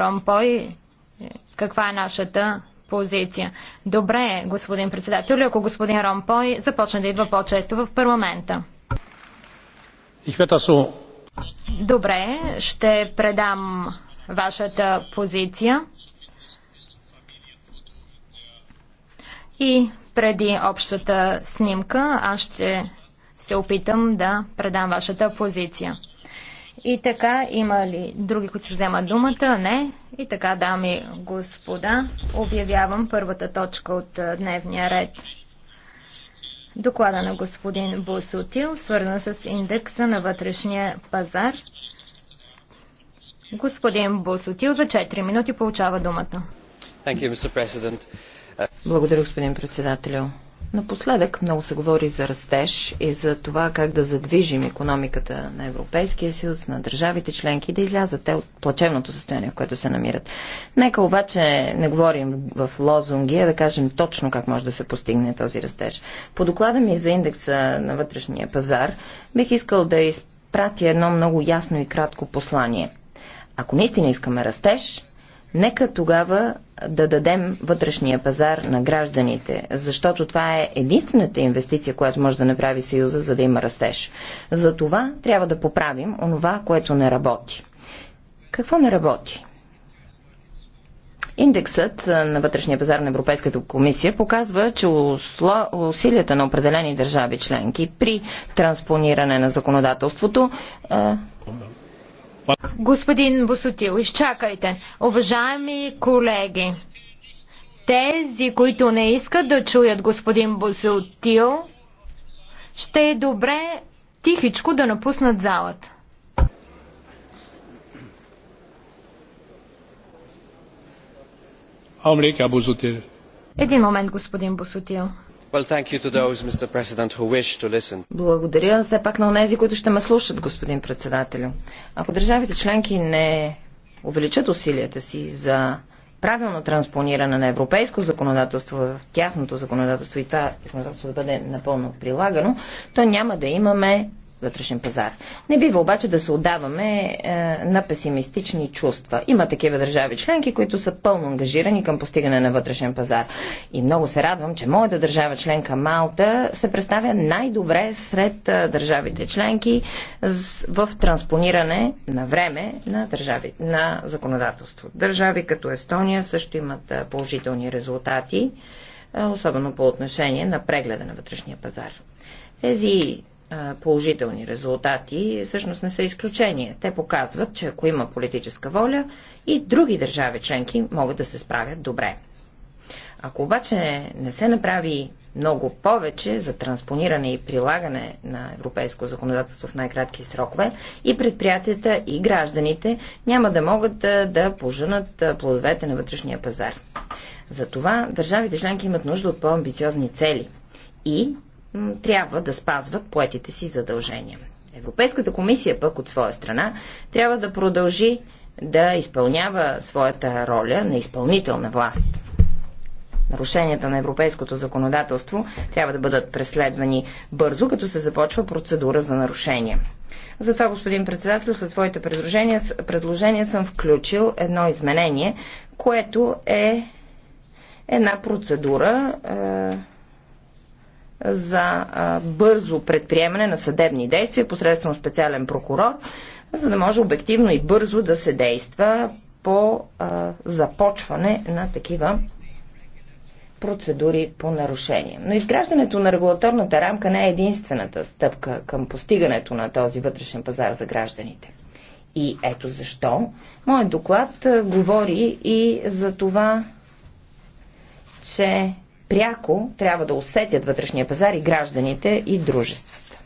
Ромпой, каква е нашата позиция. Добре, господин председател, ако господин Ромпой започне да идва по-често в парламента. Добре, ще предам вашата позиция. И преди общата снимка аз ще се опитам да предам вашата позиция. И така, има ли други, които ще вземат думата? Не. И така, дами и господа, обявявам първата точка от дневния ред. Доклада на господин Босутил, свързан с индекса на вътрешния пазар. Господин Босутил за 4 минути получава думата. Благодаря, господин председателю. Напоследък много се говори за растеж и за това как да задвижим економиката на Европейския съюз, на държавите членки и да излязат те от плачевното състояние, в което се намират. Нека обаче не говорим в лозунги, а да кажем точно как може да се постигне този растеж. По доклада ми за индекса на вътрешния пазар бих искал да изпратя едно много ясно и кратко послание. Ако наистина искаме растеж, Нека тогава да дадем вътрешния пазар на гражданите, защото това е единствената инвестиция, която може да направи Съюза, за да има растеж. За това трябва да поправим онова, което не работи. Какво не работи? Индексът на вътрешния пазар на Европейската комисия показва, че усилията на определени държави членки при транспониране на законодателството Господин Босотил, изчакайте. Уважаеми колеги, тези, които не искат да чуят господин Босотил, ще е добре тихичко да напуснат залата. Един момент, господин Босотил. Благодаря все пак на онези, които ще ме слушат, господин председателю. Ако държавите членки не увеличат усилията си за правилно транспониране на европейско законодателство в тяхното законодателство и това законодателство да бъде напълно прилагано, то няма да имаме вътрешен пазар. Не бива обаче да се отдаваме е, на песимистични чувства. Има такива държави членки, които са пълно ангажирани към постигане на вътрешен пазар. И много се радвам, че моята държава членка Малта се представя най-добре сред е, държавите членки в транспониране на време на, държави, на законодателство. Държави като Естония също имат е, положителни резултати, е, особено по отношение на прегледа на вътрешния пазар. Тези положителни резултати, всъщност не са изключение. Те показват, че ако има политическа воля, и други държави членки могат да се справят добре. Ако обаче не се направи много повече за транспониране и прилагане на европейско законодателство в най-кратки срокове, и предприятията, и гражданите няма да могат да, да поженат плодовете на вътрешния пазар. Затова държавите членки имат нужда от по-амбициозни цели и трябва да спазват поетите си задължения. Европейската комисия пък от своя страна трябва да продължи да изпълнява своята роля на изпълнителна власт. Нарушенията на европейското законодателство трябва да бъдат преследвани бързо, като се започва процедура за нарушение. Затова, господин председател, след своите предложения, предложения съм включил едно изменение, което е една процедура. Е за бързо предприемане на съдебни действия посредством специален прокурор, за да може обективно и бързо да се действа по започване на такива процедури по нарушение. Но изграждането на регулаторната рамка не е единствената стъпка към постигането на този вътрешен пазар за гражданите. И ето защо моят доклад говори и за това, че пряко трябва да усетят вътрешния пазар и гражданите и дружествата.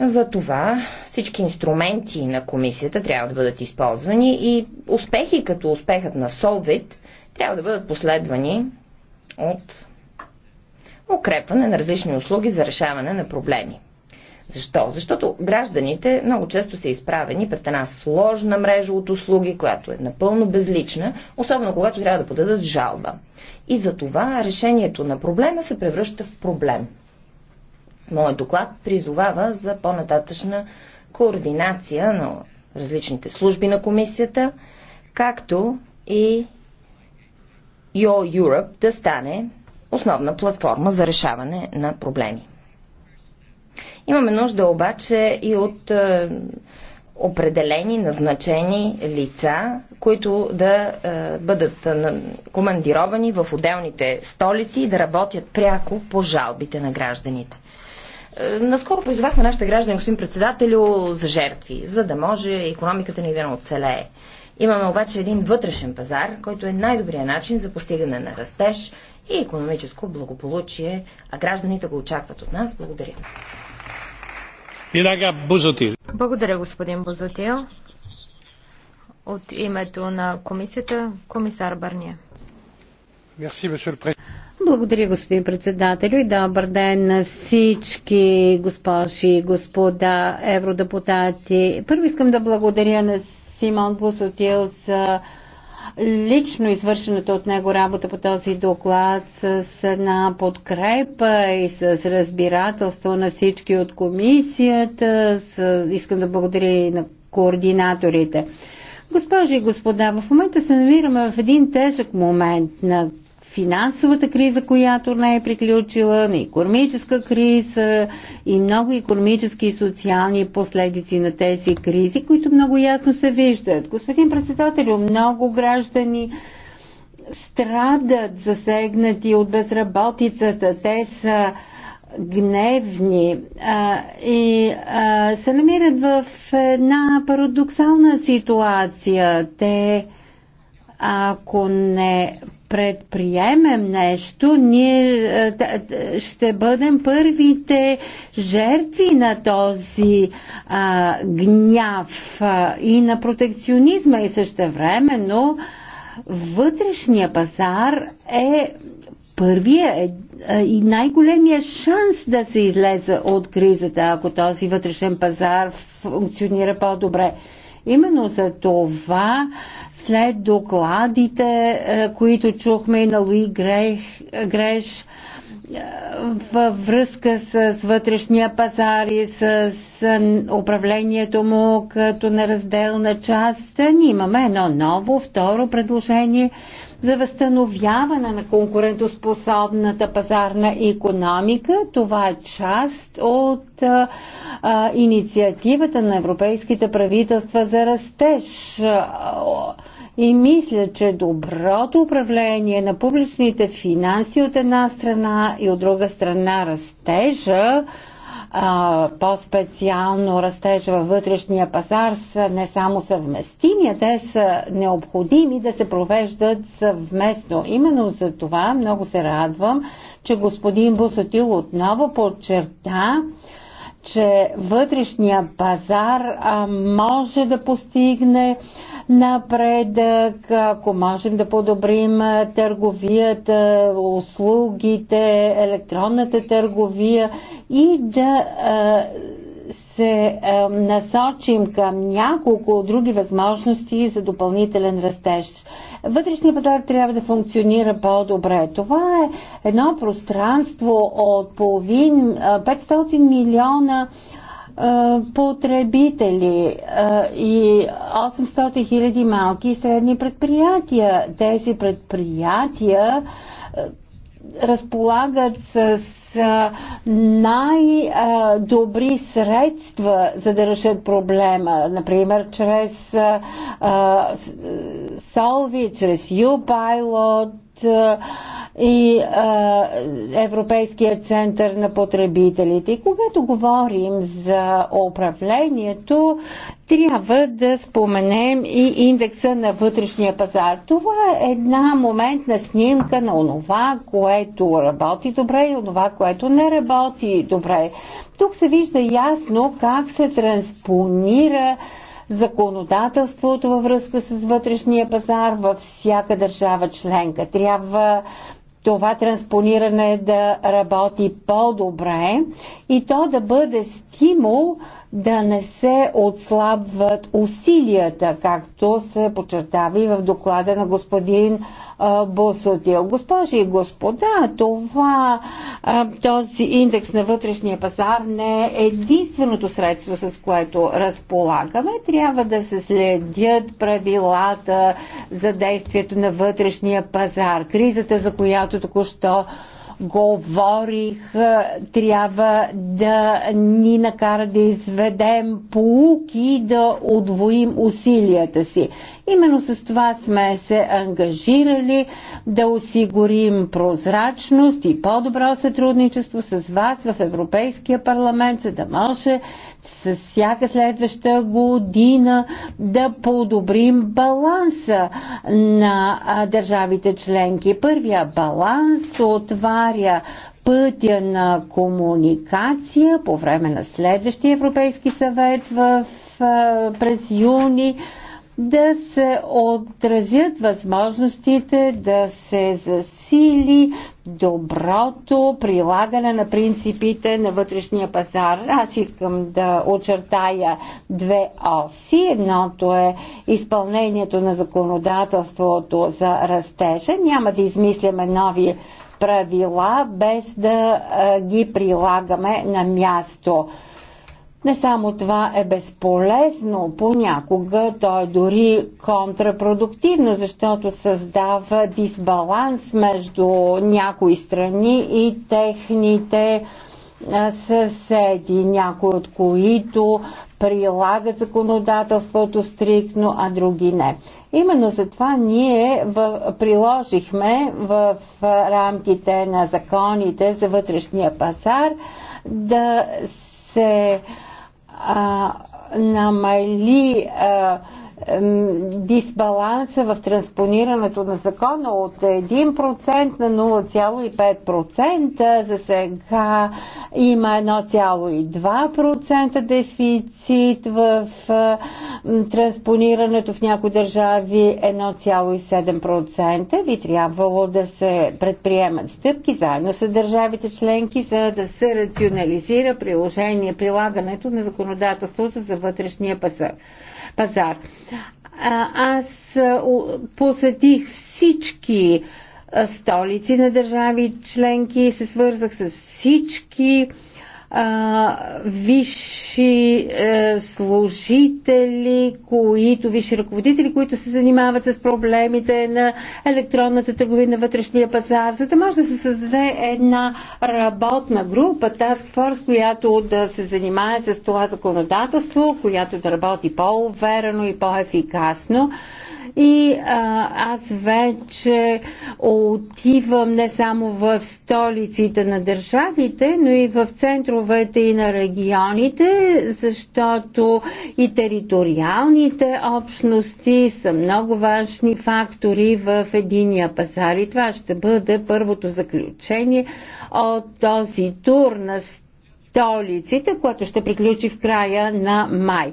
Затова всички инструменти на комисията трябва да бъдат използвани и успехи като успехът на Солвит трябва да бъдат последвани от укрепване на различни услуги за решаване на проблеми. Защо? Защото гражданите много често са изправени пред една сложна мрежа от услуги, която е напълно безлична, особено когато трябва да подадат жалба. И за това решението на проблема се превръща в проблем. Моят доклад призовава за по-нататъчна координация на различните служби на комисията, както и Your Europe да стане основна платформа за решаване на проблеми. Имаме нужда обаче и от е, определени, назначени лица, които да е, бъдат е, командировани в отделните столици и да работят пряко по жалбите на гражданите. Е, наскоро призвахме нашите граждани, господин председателю, за жертви, за да може економиката ни да не оцелее. Имаме обаче един вътрешен пазар, който е най-добрият начин за постигане на растеж и економическо благополучие, а гражданите го очакват от нас. Благодаря. Благодаря, господин Бозотил. От името на комисията, комисар Барния. Благодаря, господин председател, и добър ден на всички госпожи и господа евродепутати. Първо искам да благодаря на Симон Бусотил за лично извършената от него работа по този доклад с една подкрепа и с разбирателство на всички от комисията. С... Искам да благодаря и на координаторите. Госпожи и господа, в момента се намираме в един тежък момент на финансовата криза, която не е приключила, на економическа криза и много економически и социални последици на тези кризи, които много ясно се виждат. Господин председател, много граждани страдат засегнати от безработицата. Те са гневни а, и а, се намират в една парадоксална ситуация. Те, ако не предприемем нещо, ние е, е, е, ще бъдем първите жертви на този а, гняв а, и на протекционизма и също но вътрешния пазар е първия и най-големия шанс да се излезе от кризата, ако този вътрешен пазар функционира по-добре. Именно за това след докладите, е, които чухме и на Луи Грех, Греш, е, във връзка с вътрешния пазар и с управлението му като неразделна част, ние имаме едно ново, второ предложение за възстановяване на конкурентоспособната пазарна економика. Това е част от а, а, инициативата на европейските правителства за растеж. И мисля, че доброто управление на публичните финанси от една страна и от друга страна растежа по-специално растежа във вътрешния пазар са не само съвместими, а те са необходими да се провеждат съвместно. Именно за това много се радвам, че господин Бусотил отново подчерта, че вътрешния пазар а, може да постигне напредък, ако можем да подобрим търговията, услугите, електронната търговия и да се е, насочим към няколко други възможности за допълнителен растеж. Вътрешният пазар трябва да функционира по-добре. Това е едно пространство от половин 500 милиона потребители и 800 хиляди малки и средни предприятия. Тези предприятия разполагат с най-добри средства за да решат проблема. Например, чрез Solvi, чрез U-Pilot, и а, Европейския център на потребителите. И когато говорим за управлението, трябва да споменем и индекса на вътрешния пазар. Това е една моментна снимка на онова, което работи добре и онова, което не работи добре. Тук се вижда ясно как се транспонира законодателството във връзка с вътрешния пазар във всяка държава членка. Трябва това транспониране да работи по-добре и то да бъде стимул да не се отслабват усилията, както се подчертава и в доклада на господин Босотил. Госпожи и господа, това, този индекс на вътрешния пазар не е единственото средство, с което разполагаме. Трябва да се следят правилата за действието на вътрешния пазар. Кризата, за която току-що говорих, е, трябва да ни накара да изведем полуки и да отвоим усилията си. Именно с това сме се ангажирали да осигурим прозрачност и по-добро сътрудничество с вас в Европейския парламент, за да може с всяка следваща година да подобрим баланса на държавите членки. Първия баланс отваря пътя на комуникация по време на следващия Европейски съвет в, през юни да се отразят възможностите да се засилят Сили, доброто прилагане на принципите на вътрешния пазар. Аз искам да очертая две оси. Едното е изпълнението на законодателството за растежа. Няма да измисляме нови правила без да ги прилагаме на място. Не само това е безполезно, понякога то е дори контрапродуктивно, защото създава дисбаланс между някои страни и техните съседи, някои от които прилагат законодателството стриктно, а други не. Именно за това ние в, приложихме в рамките на законите за вътрешния пазар да се а, намали а, дисбаланса в транспонирането на закона от 1% на 0,5%. За сега има 1,2% дефицит в транспонирането в някои държави 1,7%. Би трябвало да се предприемат стъпки заедно с държавите членки, за да се рационализира приложение, прилагането на законодателството за вътрешния пазар пазар. Аз посетих всички столици на държави членки, се свързах с всички а, висши е, служители, които, висши ръководители, които се занимават с проблемите на електронната търговия на вътрешния пазар, за да може да се създаде една работна група, Task Force, която да се занимае с това законодателство, която да работи по-уверено и по-ефикасно. И а, аз вече отивам не само в столиците на държавите, но и в центровете и на регионите, защото и териториалните общности са много важни фактори в единия пазар. И това ще бъде първото заключение от този тур на столиците, което ще приключи в края на май.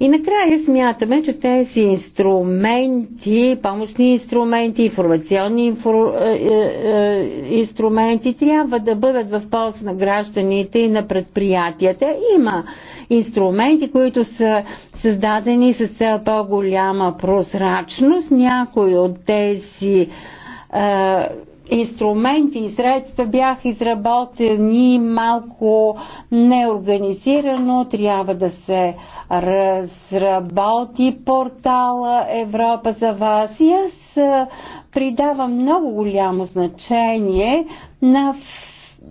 И накрая смятаме, че тези инструменти, помощни инструменти, информационни инфор... Е, е, е, инструменти трябва да бъдат в полза на гражданите и на предприятията. Има инструменти, които са създадени с цел по-голяма прозрачност. Някои от тези инструменти и средства бяха изработени малко неорганизирано. Трябва да се разработи портала Европа за вас. И аз придавам много голямо значение на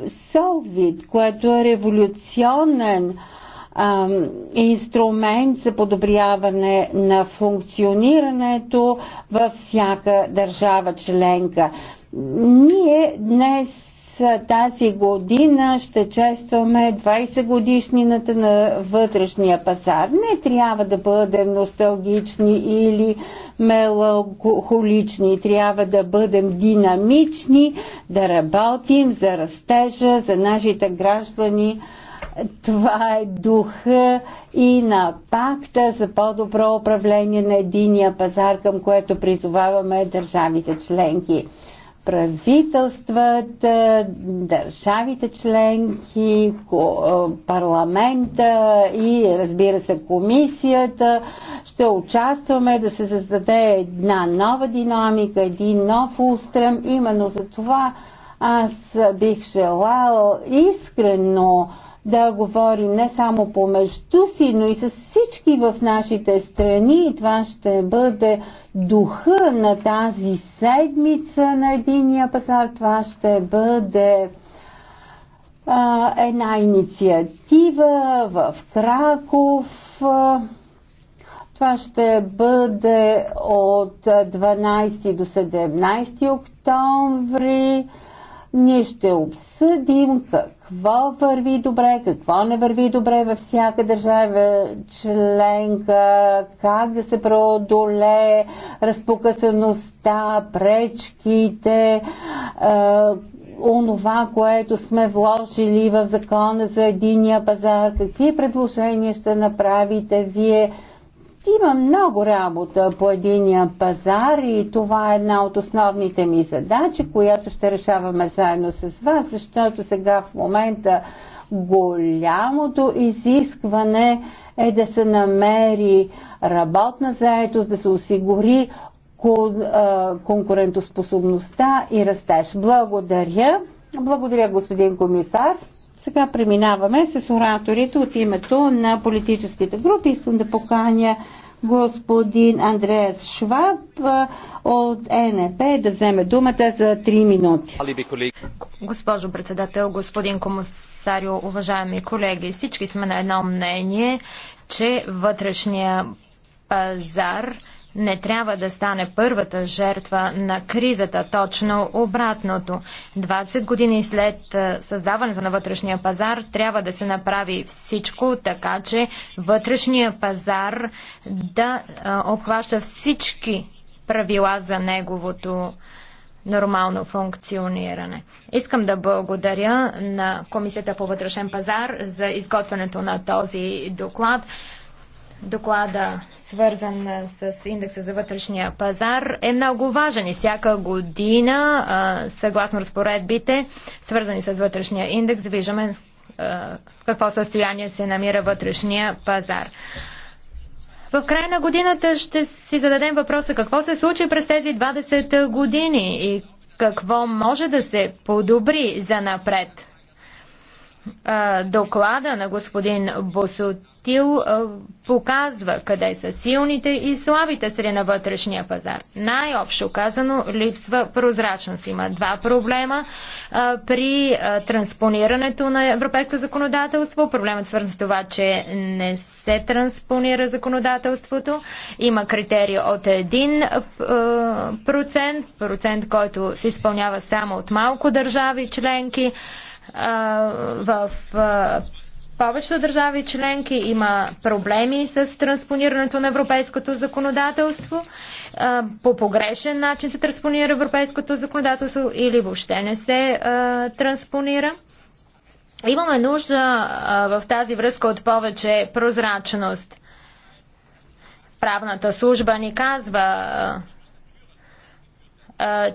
Solvit, което е революционен инструмент за подобряване на функционирането във всяка държава членка. Ние днес тази година ще честваме 20 годишнината на вътрешния пазар. Не трябва да бъдем носталгични или меланхолични. Трябва да бъдем динамични, да работим за растежа, за нашите граждани. Това е духа и на пакта за по-добро управление на единия пазар, към което призоваваме държавите членки правителствата, държавите членки, парламента и разбира се комисията. Ще участваме да се създаде една нова динамика, един нов устрем. Именно за това аз бих желал искрено да говорим не само помежду си, но и с всички в нашите страни. И това ще бъде духа на тази седмица на единия пазар. Това ще бъде а, една инициатива в Краков. Това ще бъде от 12 до 17 октомври. Ние ще обсъдим какво върви добре, какво не върви добре във всяка държава членка, как да се преодолее разпокъсаността, пречките, онова, което сме вложили в закона за единия пазар, какви предложения ще направите вие има много работа по единия пазар и това е една от основните ми задачи, която ще решаваме заедно с вас, защото сега в момента голямото изискване е да се намери работна заетост, да се осигури конкурентоспособността и растеж. Благодаря. Благодаря, господин комисар. Сега преминаваме с ораторите от името на политическите групи. Искам да поканя господин Андреас Шваб от НП да вземе думата за 3 минути. Госпожо председател, господин комисарио, уважаеми колеги, всички сме на едно мнение, че вътрешния пазар не трябва да стане първата жертва на кризата, точно обратното. 20 години след е, създаването на вътрешния пазар трябва да се направи всичко така, че вътрешния пазар да е, обхваща всички правила за неговото нормално функциониране. Искам да благодаря на Комисията по вътрешен пазар за изготвянето на този доклад доклада, свързан с индекса за вътрешния пазар, е много важен и всяка година, съгласно разпоредбите, свързани с вътрешния индекс, виждаме в какво състояние се намира вътрешния пазар. В края на годината ще си зададем въпроса какво се случи през тези 20 години и какво може да се подобри за напред. Доклада на господин Босут Тил показва къде са силните и слабите среди на вътрешния пазар. Най-общо казано, липсва прозрачност. Има два проблема а, при а, транспонирането на европейско законодателство. Проблемът е свързан с това, че не се транспонира законодателството. Има критерия от 1%, процент, процент, който се изпълнява само от малко държави членки. А, в повечето държави членки има проблеми с транспонирането на европейското законодателство. По погрешен начин се транспонира европейското законодателство или въобще не се транспонира. Имаме нужда в тази връзка от повече прозрачност. Правната служба ни казва,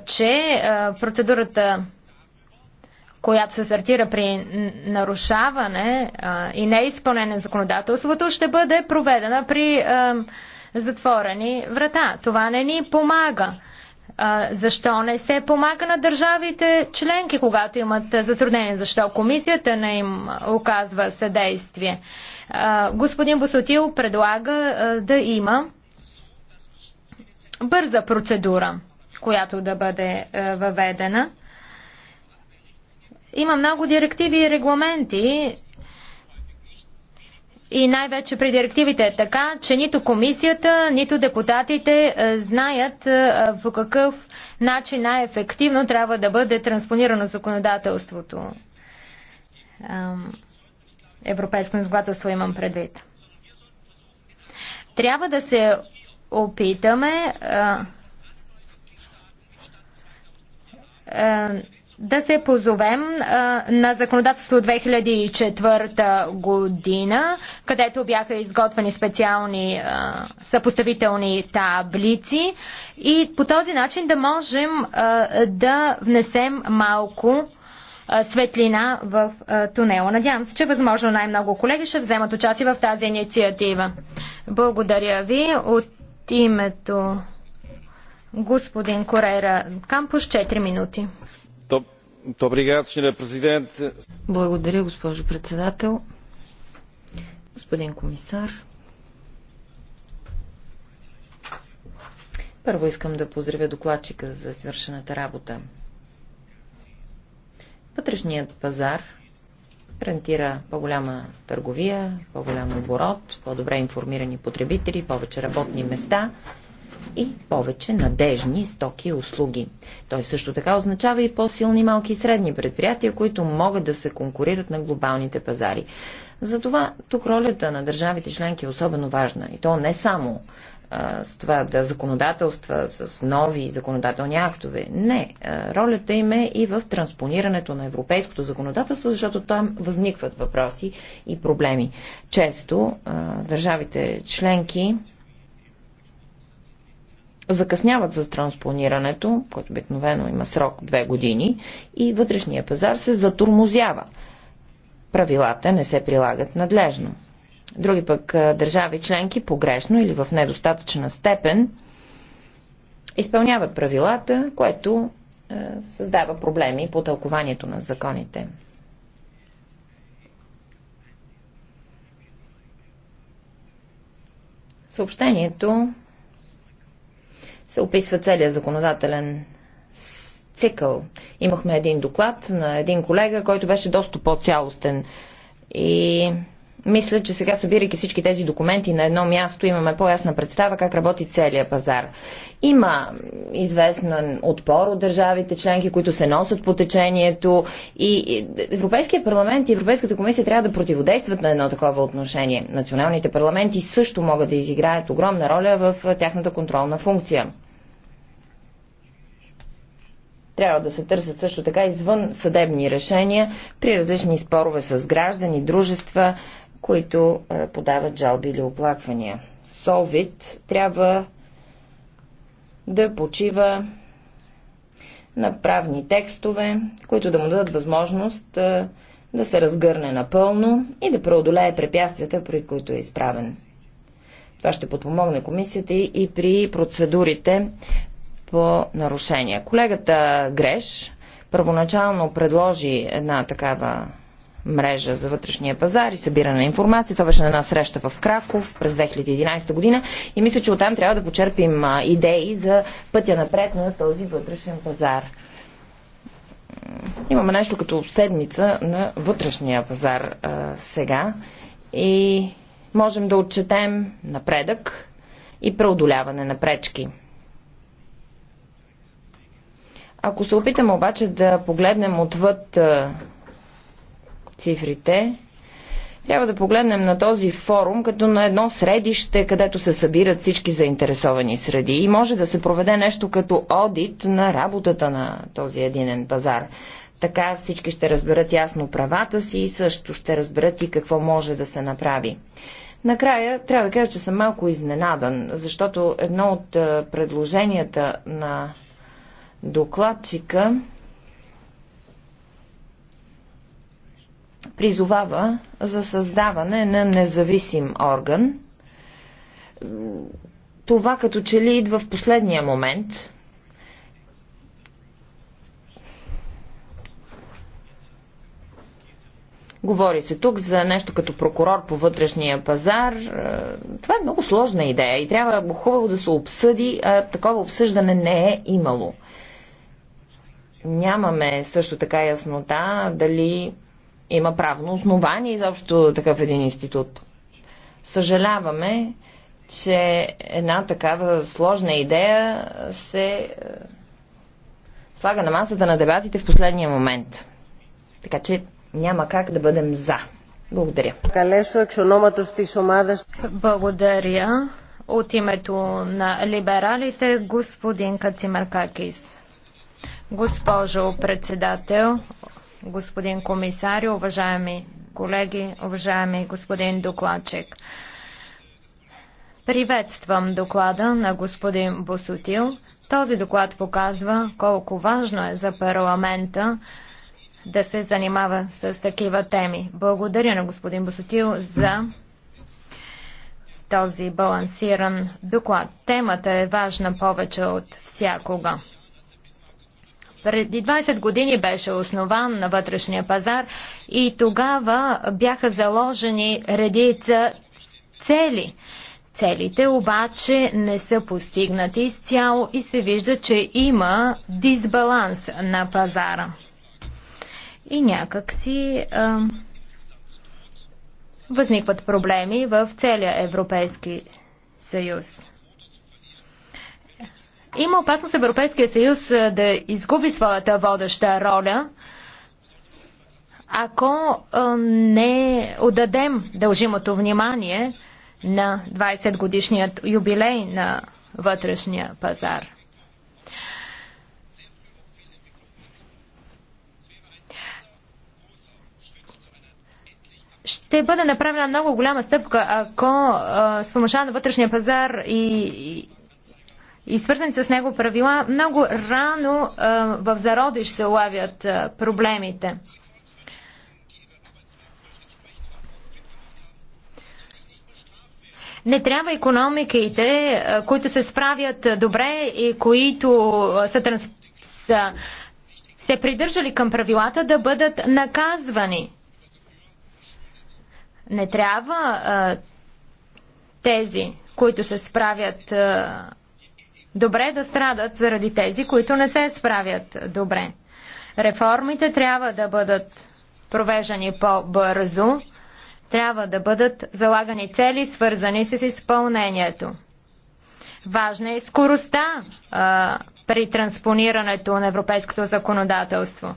че процедурата която се сортира при нарушаване а, и неизпълнение на законодателството, ще бъде проведена при а, затворени врата. Това не ни помага. А, защо не се помага на държавите членки, когато имат затруднения? Защо комисията не им оказва съдействие? А, господин Босотил предлага а, да има бърза процедура, която да бъде въведена. Има много директиви и регламенти, и най-вече при директивите е така, че нито комисията, нито депутатите е, знаят е, по какъв начин най-ефективно трябва да бъде транспонирано законодателството. Европейско законодателство имам предвид. Трябва да се опитаме да се позовем а, на законодателство от 2004 година, където бяха изготвени специални а, съпоставителни таблици и по този начин да можем а, да внесем малко светлина в тунела. Надявам се, че възможно най-много колеги ще вземат участие в тази инициатива. Благодаря ви от името господин Корейра Кампус 4 минути. Благодаря, госпожо председател. Господин комисар. Първо искам да поздравя докладчика за свършената работа. Вътрешният пазар гарантира по-голяма търговия, по-голям оборот, по-добре информирани потребители, повече работни места и повече надежни стоки и услуги. Той също така означава и по-силни малки и средни предприятия, които могат да се конкурират на глобалните пазари. Затова тук ролята на държавите членки е особено важна. И то не само а, с това да законодателства с нови законодателни актове. Не, а, ролята им е и в транспонирането на европейското законодателство, защото там възникват въпроси и проблеми. Често а, държавите членки закъсняват за транспонирането, което обикновено има срок две години, и вътрешния пазар се затурмозява. Правилата не се прилагат надлежно. Други пък държави членки погрешно или в недостатъчна степен изпълняват правилата, което е, създава проблеми по тълкованието на законите. Съобщението се описва целият законодателен цикъл. Имахме един доклад на един колега, който беше доста по-цялостен. И мисля, че сега събирайки всички тези документи на едно място, имаме по-ясна представа как работи целият пазар. Има известен отпор от държавите членки, които се носят по течението и Европейския парламент и Европейската комисия трябва да противодействат на едно такова отношение. Националните парламенти също могат да изиграят огромна роля в тяхната контролна функция. Трябва да се търсят също така извън съдебни решения при различни спорове с граждани, дружества, които е, подават жалби или оплаквания. Солвит трябва да почива на правни текстове, които да му дадат възможност е, да се разгърне напълно и да преодолее препятствията, при които е изправен. Това ще подпомогне комисията и при процедурите по нарушения. Колегата Греш първоначално предложи една такава мрежа за вътрешния пазар и събиране на информация. Това беше на една среща в Краков през 2011 година и мисля, че оттам трябва да почерпим идеи за пътя напред на този вътрешен пазар. Имаме нещо като седмица на вътрешния пазар а, сега и можем да отчетем напредък и преодоляване на пречки. Ако се опитам обаче да погледнем отвъд цифрите, трябва да погледнем на този форум като на едно средище, където се събират всички заинтересовани среди и може да се проведе нещо като одит на работата на този единен пазар. Така всички ще разберат ясно правата си и също ще разберат и какво може да се направи. Накрая трябва да кажа, че съм малко изненадан, защото едно от предложенията на Докладчика призовава за създаване на независим орган. Това като че ли идва в последния момент. Говори се тук за нещо като прокурор по вътрешния пазар. Това е много сложна идея и трябва хубаво да се обсъди, а такова обсъждане не е имало. Нямаме също така яснота дали има правно основание изобщо такъв един институт. Съжаляваме, че една такава сложна идея се е, слага на масата на дебатите в последния момент. Така че няма как да бъдем за. Благодаря. Благодаря. От името на либералите господин Кацимаркакис. Госпожо председател, господин комисар, уважаеми колеги, уважаеми господин докладчик. Приветствам доклада на господин Босотил. Този доклад показва колко важно е за парламента да се занимава с такива теми. Благодаря на господин Босотил за този балансиран доклад. Темата е важна повече от всякога. Преди 20 години беше основан на вътрешния пазар и тогава бяха заложени редица цели. Целите обаче не са постигнати изцяло и се вижда, че има дисбаланс на пазара. И някак си а, възникват проблеми в целия Европейски съюз. Има опасност Европейския съюз да изгуби своята водеща роля, ако не отдадем дължимото внимание на 20 годишният юбилей на вътрешния пазар. ще бъде направена много голяма стъпка, ако а, с помощта на вътрешния пазар и, и и свързани с него правила, много рано а, в зародиш се улавят а, проблемите. Не трябва економиките, които се справят добре и които са, транс... са се придържали към правилата, да бъдат наказвани. Не трябва а, тези, които се справят а, добре да страдат заради тези, които не се справят добре. Реформите трябва да бъдат провеждани по-бързо, трябва да бъдат залагани цели, свързани с изпълнението. Важна е скоростта а, при транспонирането на европейското законодателство.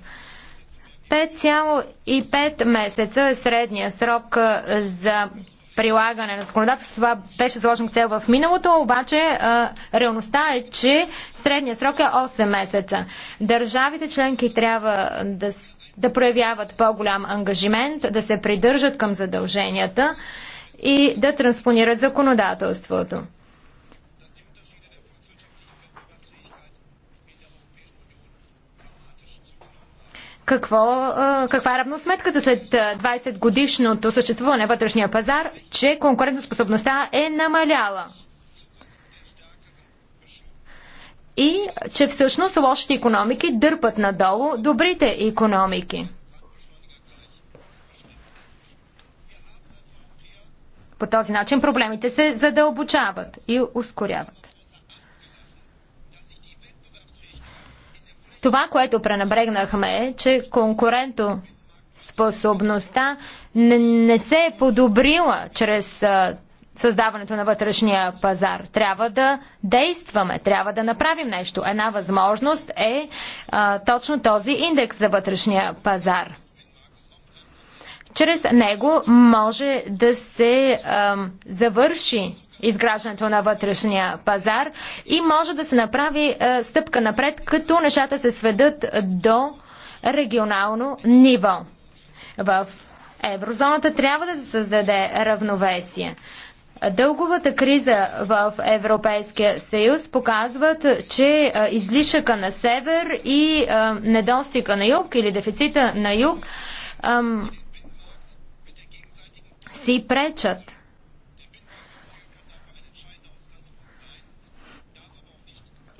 5,5 месеца е средния срок за прилагане на законодателство. Това беше заложен цел в миналото, обаче а, реалността е, че средният срок е 8 месеца. Държавите членки трябва да, да проявяват по-голям ангажимент, да се придържат към задълженията и да транспонират законодателството. какво, каква е равносметката след 20 годишното съществуване на вътрешния пазар, че конкурентоспособността е намаляла. И че всъщност лошите економики дърпат надолу добрите економики. По този начин проблемите се задълбочават и ускоряват. Това, което пренабрегнахме е, че конкуренто способността не, не се е подобрила чрез а, създаването на вътрешния пазар. Трябва да действаме, трябва да направим нещо. Една възможност е а, точно този индекс за вътрешния пазар. Чрез него може да се а, завърши изграждането на вътрешния пазар и може да се направи е, стъпка напред, като нещата се сведат до регионално ниво. В еврозоната трябва да се създаде равновесие. Дълговата криза в Европейския съюз показват, че е, излишъка на север и е, недостига на юг или дефицита на юг си пречат.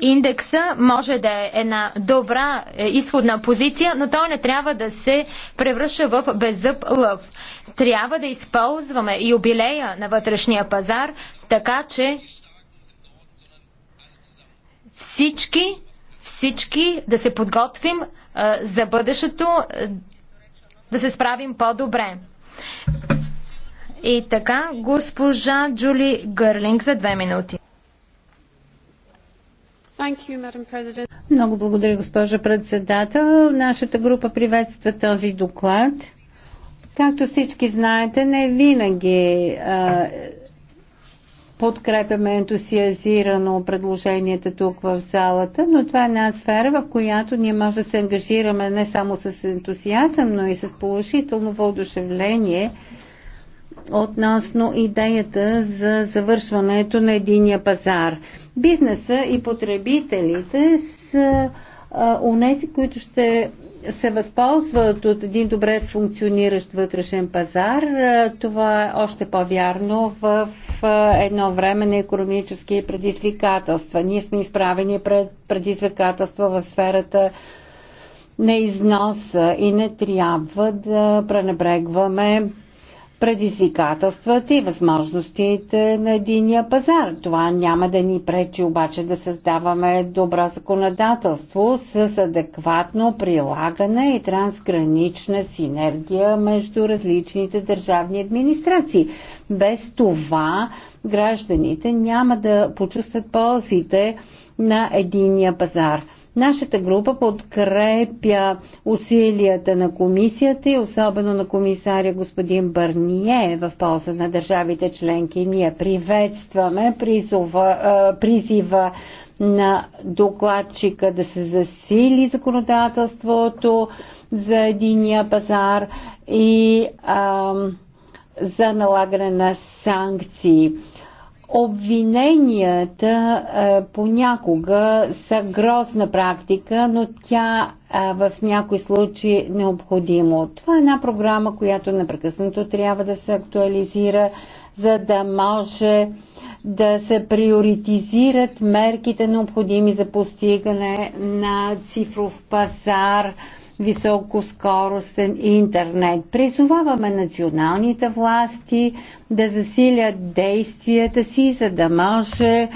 Индекса може да е една добра е, изходна позиция, но той не трябва да се превръща в беззъб лъв. Трябва да използваме юбилея на вътрешния пазар, така че всички, всички да се подготвим а, е, за бъдещето, а, е, да се справим по-добре. И така, госпожа Джули Гърлинг за две минути. Много благодаря, госпожа председател. Нашата група приветства този доклад. Както всички знаете, не винаги а, подкрепяме ентусиазирано предложенията тук в залата, но това е една сфера, в която ние може да се ангажираме не само с ентусиазъм, но и с положително въодушевление относно идеята за завършването на единия пазар. Бизнеса и потребителите са онези, които ще се възползват от един добре функциониращ вътрешен пазар. Това е още по-вярно в едно време на економически предизвикателства. Ние сме изправени пред предизвикателства в сферата на износа и не трябва да пренебрегваме предизвикателствата и възможностите на единия пазар. Това няма да ни пречи обаче да създаваме добро законодателство с адекватно прилагане и трансгранична синергия между различните държавни администрации. Без това гражданите няма да почувстват ползите на единия пазар. Нашата група подкрепя усилията на комисията и особено на комисаря господин Бърние в полза на държавите членки. Ние приветстваме призова, призива на докладчика да се засили законодателството за единия пазар и а, за налагане на санкции. Обвиненията а, е, понякога са грозна практика, но тя а, е, в някои случаи е необходимо. Това е една програма, която непрекъснато трябва да се актуализира, за да може да се приоритизират мерките необходими за постигане на цифров пазар, високоскоростен интернет. Призоваваме националните власти да засилят действията си, за да може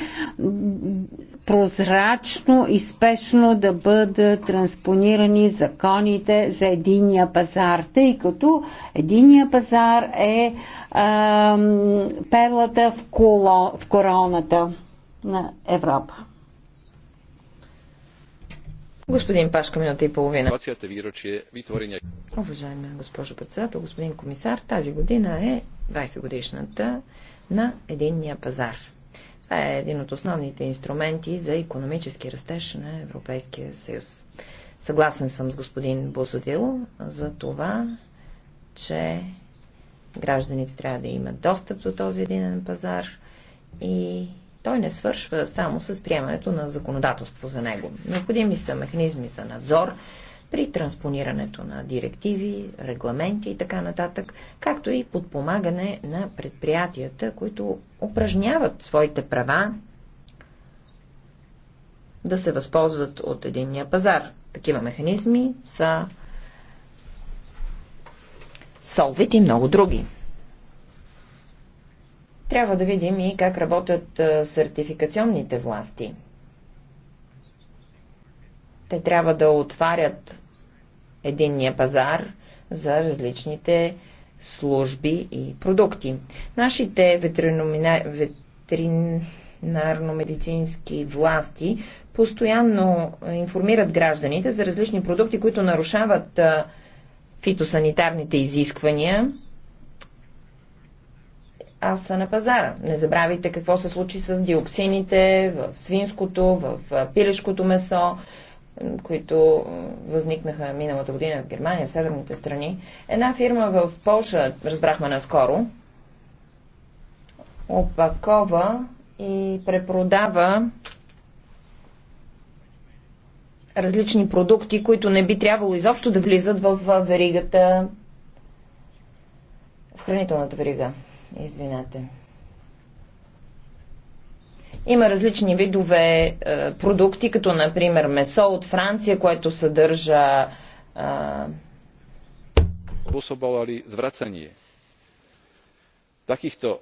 прозрачно и спешно да бъдат транспонирани законите за единия пазар, тъй като единия пазар е ам, перлата в, коло, в короната на Европа. Господин Пашка, минута и половина. Е Уважаема госпожо председател, господин комисар, тази година е 20 годишната на единния пазар. Това е един от основните инструменти за економически растеж на Европейския съюз. Съгласен съм с господин Босодил за това, че гражданите трябва да имат достъп до този единен пазар и той не свършва само с приемането на законодателство за него. Необходими са механизми за надзор при транспонирането на директиви, регламенти и така нататък, както и подпомагане на предприятията, които упражняват своите права да се възползват от единния пазар. Такива механизми са Солвит и много други. Трябва да видим и как работят сертификационните власти. Те трябва да отварят единния пазар за различните служби и продукти. Нашите ветеринарно-медицински власти постоянно информират гражданите за различни продукти, които нарушават фитосанитарните изисквания а са на пазара. Не забравяйте какво се случи с диоксините в свинското, в пилешкото месо, които възникнаха миналата година в Германия, в северните страни. Една фирма в Польша, разбрахме наскоро, опакова и препродава различни продукти, които не би трябвало изобщо да влизат в веригата, в хранителната верига. Извинете. Има различни видове е, продукти, като например месо от Франция, което съдържа е, звръцание. Такихто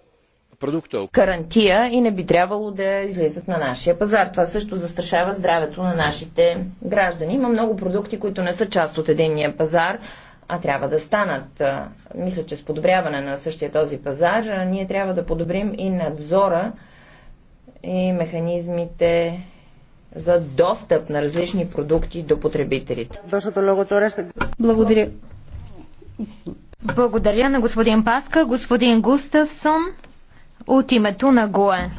продуктов. Карантия и не би трябвало да излизат на нашия пазар. Това също застрашава здравето на нашите граждани. Има много продукти, които не са част от единния пазар, а трябва да станат. Мисля, че с подобряване на същия този пазар ние трябва да подобрим и надзора и механизмите за достъп на различни продукти до потребителите. Благодаря. Благодаря на господин Паска, господин Густавсон от името на ГОЕ.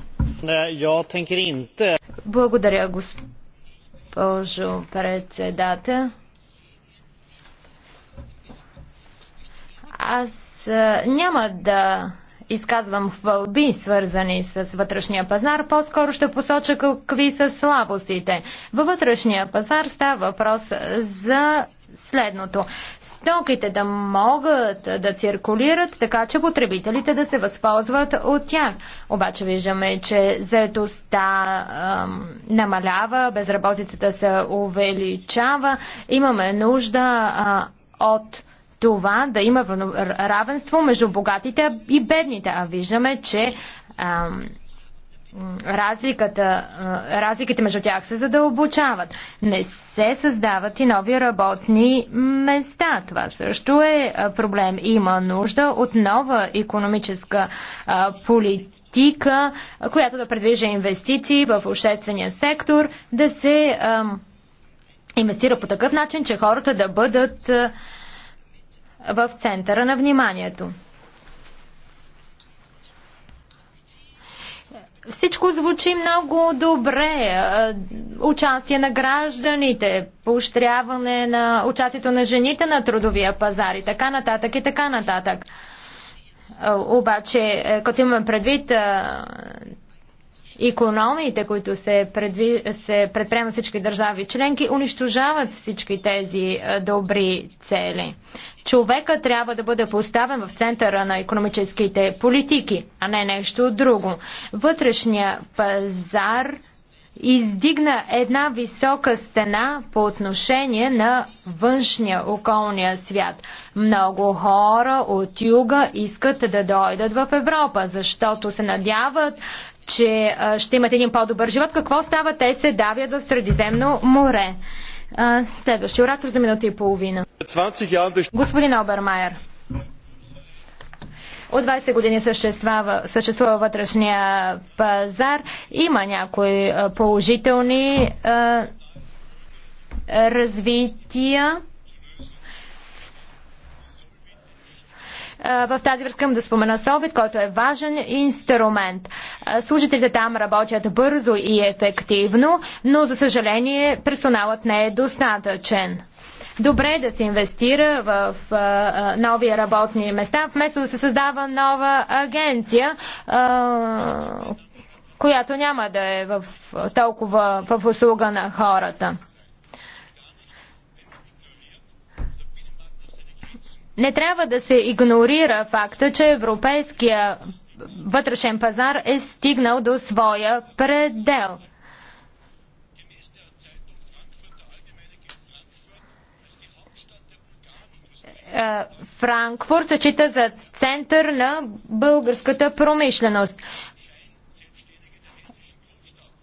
Е, Благодаря, госпожо председател. Аз няма да изказвам вълби, свързани с вътрешния пазар, по-скоро ще посоча какви са слабостите. Във вътрешния пазар става въпрос за следното. Стоките да могат да циркулират, така че потребителите да се възползват от тях. Обаче виждаме, че заетостта ем, намалява, безработицата се увеличава. Имаме нужда е, от това да има равенство между богатите и бедните. А виждаме, че а, разликата, разликите между тях се задълбочават. Не се създават и нови работни места. Това също е проблем. Има нужда от нова економическа политика, която да предвижда инвестиции в обществения сектор, да се инвестира по такъв начин, че хората да бъдат в центъра на вниманието. Всичко звучи много добре. Е, участие на гражданите, поощряване на участието на жените на трудовия пазар и така нататък и така нататък. Е, обаче, е, като имаме предвид Икономиите, които се, предви... се предприемат всички държави членки, унищожават всички тези е, добри цели. Човека трябва да бъде поставен в центъра на економическите политики, а не нещо друго. Вътрешния пазар издигна една висока стена по отношение на външния околния свят. Много хора от юга искат да дойдат в Европа, защото се надяват, че а, ще имат един по-добър живот. Какво става? Те се давят в Средиземно море. А, следващия оратор за минута и половина. Господин Обермайер. От 20 години съществува, съществува вътрешния пазар. Има някои положителни а, развития. В тази връзка да спомена Солбит, който е важен инструмент. Служителите там работят бързо и ефективно, но за съжаление персоналът не е достатъчен. Добре е да се инвестира в а, нови работни места, вместо да се създава нова агенция, а, която няма да е в, толкова в услуга на хората. Не трябва да се игнорира факта, че европейския вътрешен пазар е стигнал до своя предел. Е, Франкфурт се чита за център на българската промишленост.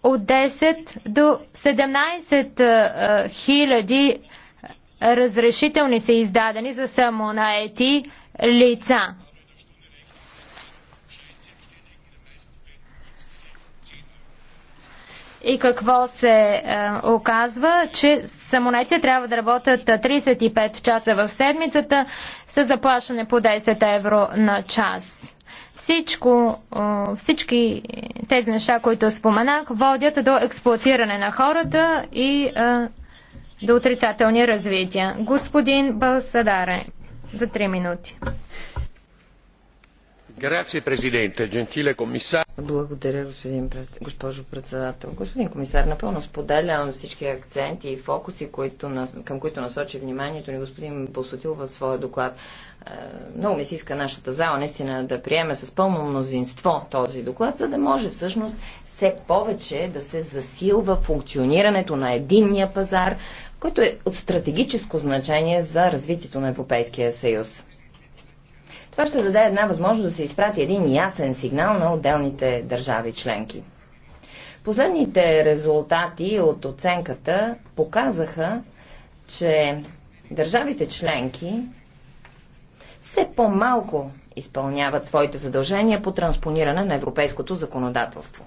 От 10 до 17 е, е, хиляди разрешителни са издадени за самонаети лица. И какво се е, оказва, че самонетите трябва да работят 35 е, часа в седмицата с заплащане по 10 евро на час. Всичко, е, всички тези неща, които споменах, водят до експлуатиране на хората и е, до отрицателни развития. Господин Балсадаре, за три минути. Благодаря, господин, госпожо председател. Господин комисар, напълно споделям всички акценти и фокуси, които, към които насочи вниманието ни господин Босотил в своя доклад. Е, много ми се иска нашата зала наистина да приеме с пълно мнозинство този доклад, за да може всъщност все повече да се засилва функционирането на единния пазар, който е от стратегическо значение за развитието на Европейския съюз. Това ще даде една възможност да се изпрати един ясен сигнал на отделните държави членки. Последните резултати от оценката показаха, че държавите членки все по-малко изпълняват своите задължения по транспониране на европейското законодателство.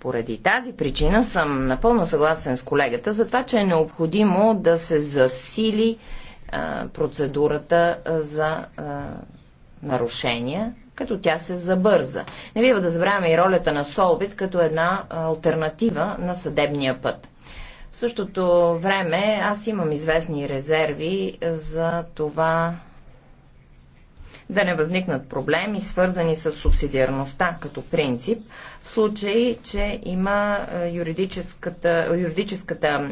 Поради тази причина съм напълно съгласен с колегата за това, че е необходимо да се засили а, процедурата за а, нарушения, като тя се забърза. Не бива да забравяме и ролята на Солвит като една альтернатива на съдебния път. В същото време аз имам известни резерви за това да не възникнат проблеми, свързани с субсидиарността като принцип, в случай, че има юридическата, юридическата,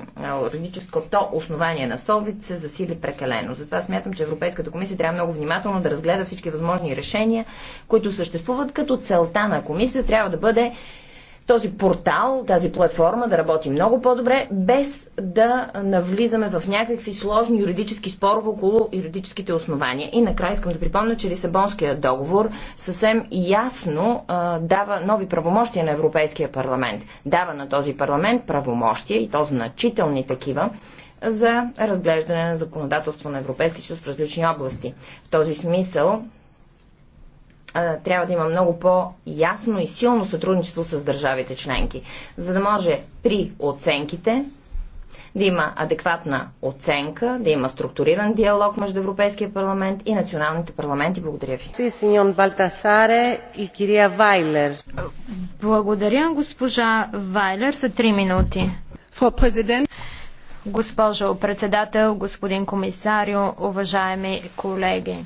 юридическото основание на СОВИД се засили прекалено. Затова смятам, че Европейската комисия трябва много внимателно да разгледа всички възможни решения, които съществуват, като целта на комисия трябва да бъде този портал, тази платформа да работи много по-добре, без да навлизаме в някакви сложни юридически спорове около юридическите основания. И накрая искам да припомня, че Лисабонския договор съвсем ясно а, дава нови правомощия на Европейския парламент. Дава на този парламент правомощия и то значителни такива за разглеждане на законодателство на Европейския съюз в различни области. В този смисъл трябва да има много по-ясно и силно сътрудничество с държавите членки, за да може при оценките да има адекватна оценка, да има структуриран диалог между Европейския парламент и националните парламенти. Благодаря ви. и кирия Вайлер. Благодаря, госпожа Вайлер, за три минути. Госпожо председател, господин комисарио, уважаеми колеги.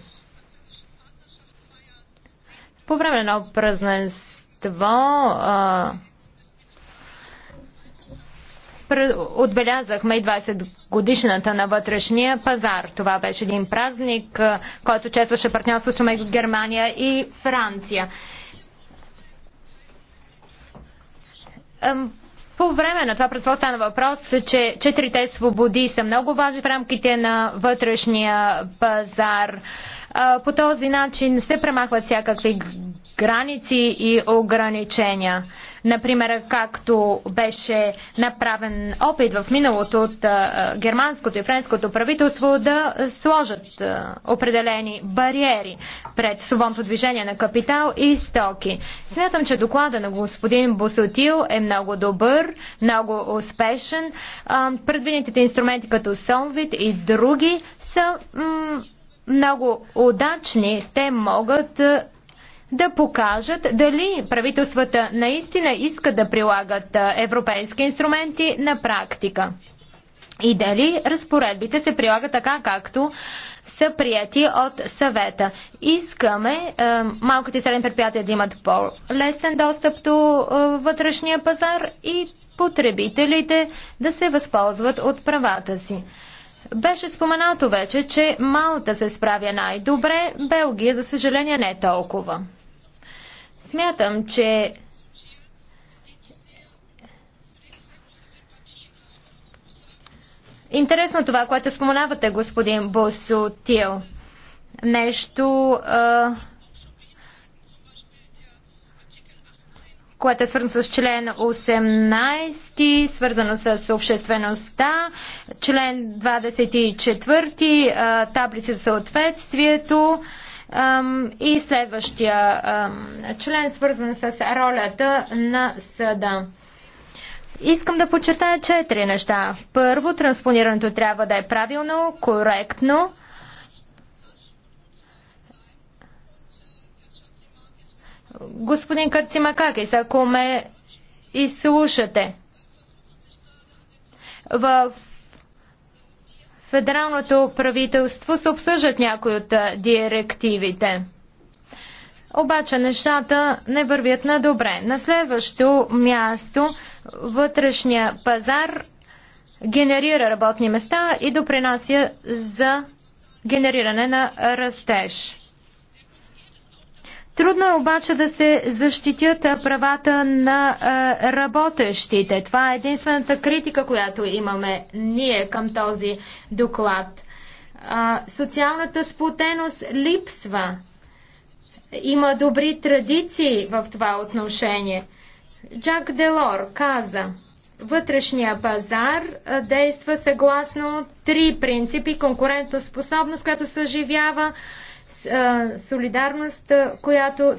По време на едно празненство а, отбелязахме и 20 годишната на вътрешния пазар. Това беше един празник, който честваше партньорството между Германия и Франция. По време на това предство стана въпрос, че четирите свободи са много важни в рамките на вътрешния пазар. По този начин се премахват всякакви граници и ограничения. Например, както беше направен опит в миналото от германското и френското правителство да сложат определени бариери пред свободното движение на капитал и стоки. Смятам, че доклада на господин Босотил е много добър, много успешен. Предвидените инструменти като Солвит и други са много удачни. Те могат е, да покажат дали правителствата наистина искат да прилагат е, европейски инструменти на практика и дали разпоредбите се прилагат така, както са прияти от съвета. Искаме е, малките и средни предприятия да имат по-лесен достъп до е, вътрешния пазар и потребителите да се възползват от правата си. Беше споменато вече, че Малта се справя най-добре, Белгия, за съжаление, не е толкова. Смятам, че Интересно това, което споменавате, господин Босотил. Нещо, а, което е свързано с член 18, свързано с обществеността, член 24, таблица за съответствието и следващия член, свързан с ролята на съда. Искам да подчертая четири неща. Първо, транспонирането трябва да е правилно, коректно. Господин Карцимакакис, ако ме изслушате, в федералното правителство се обсъждат някои от директивите. Обаче нещата не вървят на добре. На следващо място вътрешния пазар генерира работни места и допринася за генериране на растеж. Трудно е обаче да се защитят правата на работещите. Това е единствената критика, която имаме ние към този доклад. социалната сплотеност липсва. Има добри традиции в това отношение. Джак Делор каза, вътрешния пазар действа съгласно три принципи. Конкурентоспособност, която съживява солидарност, която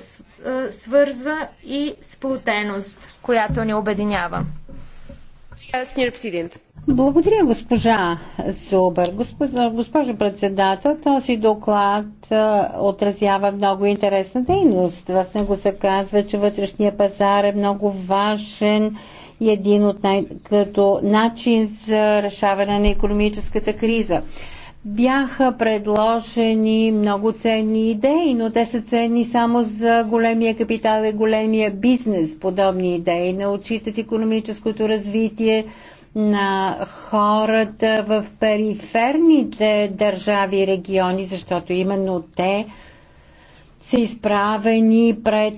свързва и сплотеност, която ни обединява. Благодаря, госпожа Зубър. госпожо госпожа председател, този доклад отразява много интересна дейност. В него се казва, че вътрешния пазар е много важен и един от най- като начин за решаване на економическата криза бяха предложени много ценни идеи, но те са ценни само за големия капитал и големия бизнес. Подобни идеи не отчитат економическото развитие на хората в периферните държави и региони, защото именно те са изправени пред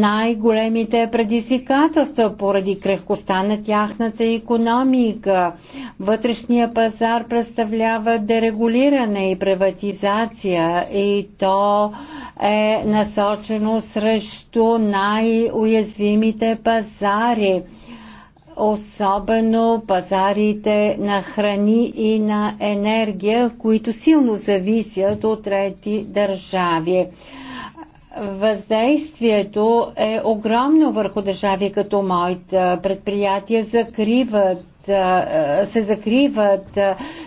най-големите предизвикателства поради крехкостта на тяхната економика. Вътрешния пазар представлява дерегулиране и приватизация и то е насочено срещу най-уязвимите пазари особено пазарите на храни и на енергия, които силно зависят от трети държави. Въздействието е огромно върху държави като моите. Предприятия закриват, се закриват,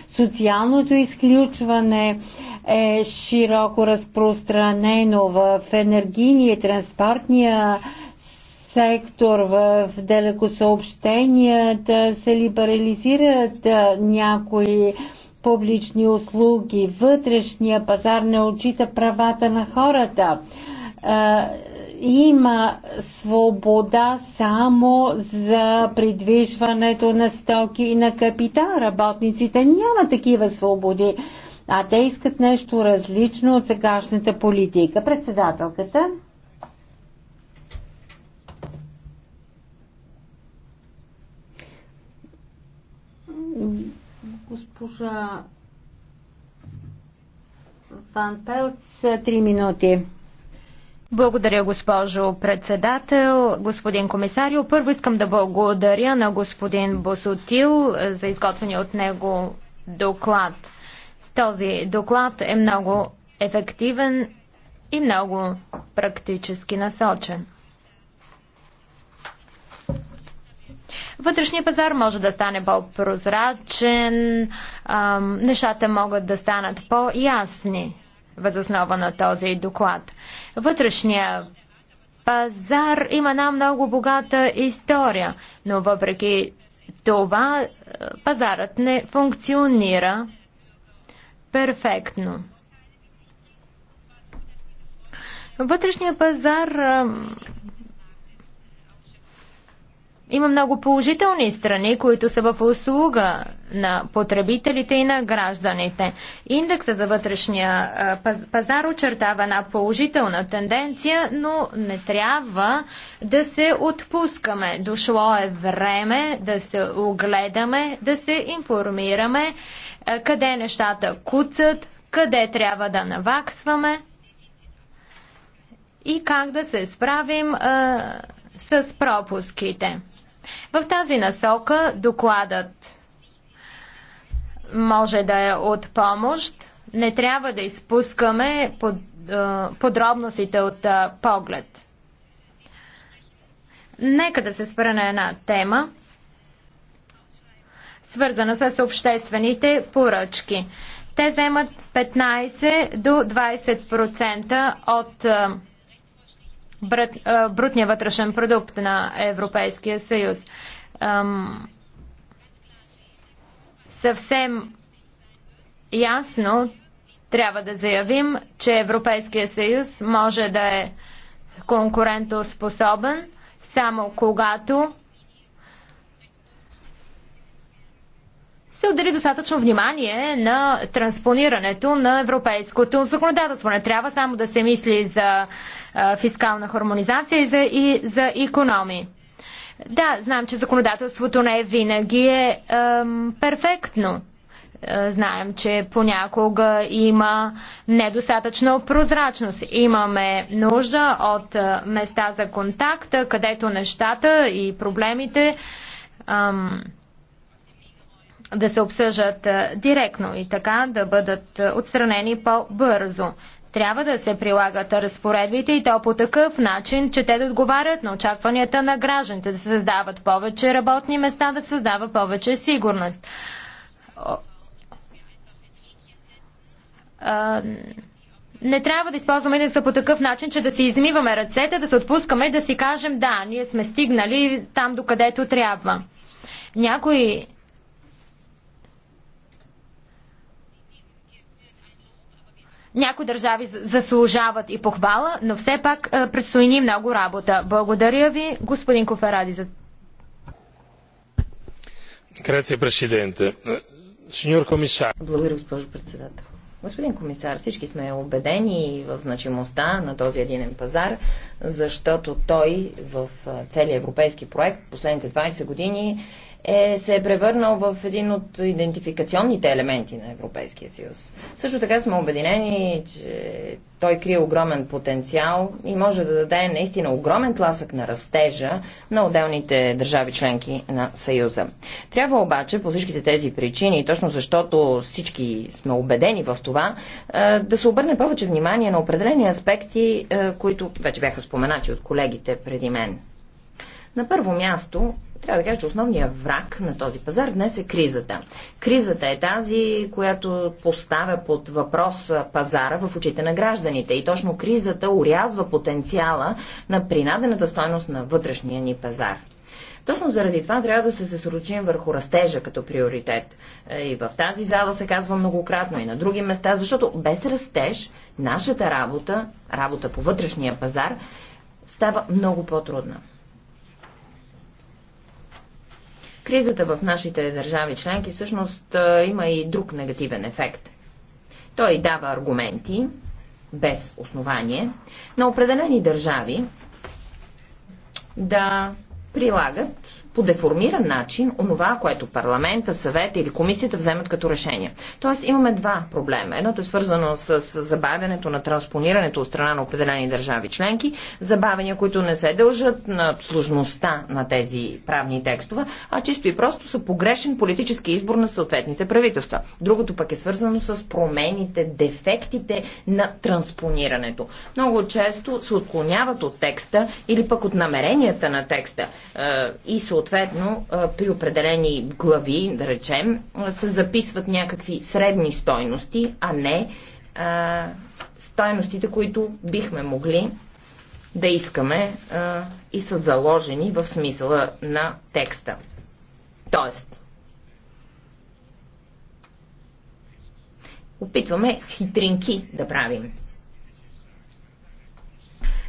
социалното изключване е широко разпространено в енергийния и транспортния сектор, в далекосъобщенията се либерализират някои публични услуги. Вътрешния пазар не отчита правата на хората има свобода само за придвижването на стоки и на капитал. Работниците няма такива свободи, а те искат нещо различно от сегашната политика. Председателката. Госпожа Ван Пелц, три минути. Благодаря, госпожо председател, господин комисарио. Първо искам да благодаря на господин Босотил е, за изготвения от него доклад. Този доклад е много ефективен и много практически насочен. Вътрешния пазар може да стане по-прозрачен, нещата могат да станат по-ясни възоснова на този доклад. Вътрешния пазар има една много богата история, но въпреки това е, пазарът не функционира перфектно. Вътрешния пазар е, има много положителни страни, които са в услуга на потребителите и на гражданите. Индекса за вътрешния пазар очертава една положителна тенденция, но не трябва да се отпускаме. Дошло е време да се огледаме, да се информираме къде нещата куцат, къде трябва да наваксваме и как да се справим с пропуските. В тази насока докладът може да е от помощ. Не трябва да изпускаме под, подробностите от поглед. Нека да се спра на една тема, свързана с обществените поръчки. Те вземат 15 до 20% от брутния вътрешен продукт на Европейския съюз. Съвсем ясно трябва да заявим, че Европейския съюз може да е конкурентоспособен само когато се отдели достатъчно внимание на транспонирането на европейското законодателство. Не трябва само да се мисли за фискална хармонизация и за, и за економи. Да, знам, че законодателството не е винаги е, ем, перфектно. Знаем, че понякога има недостатъчно прозрачност. Имаме нужда от места за контакт, където нещата и проблемите ам, да се обсъжат директно и така да бъдат отстранени по-бързо. Трябва да се прилагат разпоредбите и то по такъв начин, че те да отговарят на очакванията на гражданите, да се създават повече работни места, да се създава повече сигурност. Не трябва да използваме да са по такъв начин, че да си измиваме ръцете, да се отпускаме и да си кажем да, ние сме стигнали там, докъдето трябва. Някои Някои държави заслужават и похвала, но все пак е, предстои ни много работа. Благодаря ви, господин Коферади, за Сеньор комисар. благодаря, госпожо председател. Господин комисар, всички сме убедени в значимостта на този единен пазар, защото той в е, целия европейски проект последните 20 години е, се е превърнал в един от идентификационните елементи на Европейския съюз. Също така сме обединени, че той крие огромен потенциал и може да даде наистина огромен тласък на растежа на отделните държави членки на Съюза. Трябва обаче по всичките тези причини, точно защото всички сме убедени в това, е, да се обърне повече внимание на определени аспекти, е, които вече бяха споменати от колегите преди мен. На първо място трябва да кажа, че основният враг на този пазар днес е кризата. Кризата е тази, която поставя под въпрос пазара в очите на гражданите. И точно кризата урязва потенциала на принадената стойност на вътрешния ни пазар. Точно заради това трябва да се съсредоточим върху растежа като приоритет. Е, и в тази зала се казва многократно и на други места, защото без растеж нашата работа, работа по вътрешния пазар, става много по-трудна. Кризата в нашите държави членки всъщност има и друг негативен ефект. Той дава аргументи, без основание, на определени държави да прилагат по деформиран начин онова, което парламента, съвета или комисията вземат като решение. Тоест имаме два проблема. Едното е свързано с забавянето на транспонирането от страна на определени държави членки, забавяния, които не се дължат на сложността на тези правни текстове, а чисто и просто са погрешен политически избор на съответните правителства. Другото пък е свързано с промените, дефектите на транспонирането. Много често се отклоняват от текста или пък от намеренията на текста е, и съответно съответно при определени глави, да речем, се записват някакви средни стойности, а не а, стойностите, които бихме могли да искаме а, и са заложени в смисъла на текста. Тоест, опитваме хитринки да правим.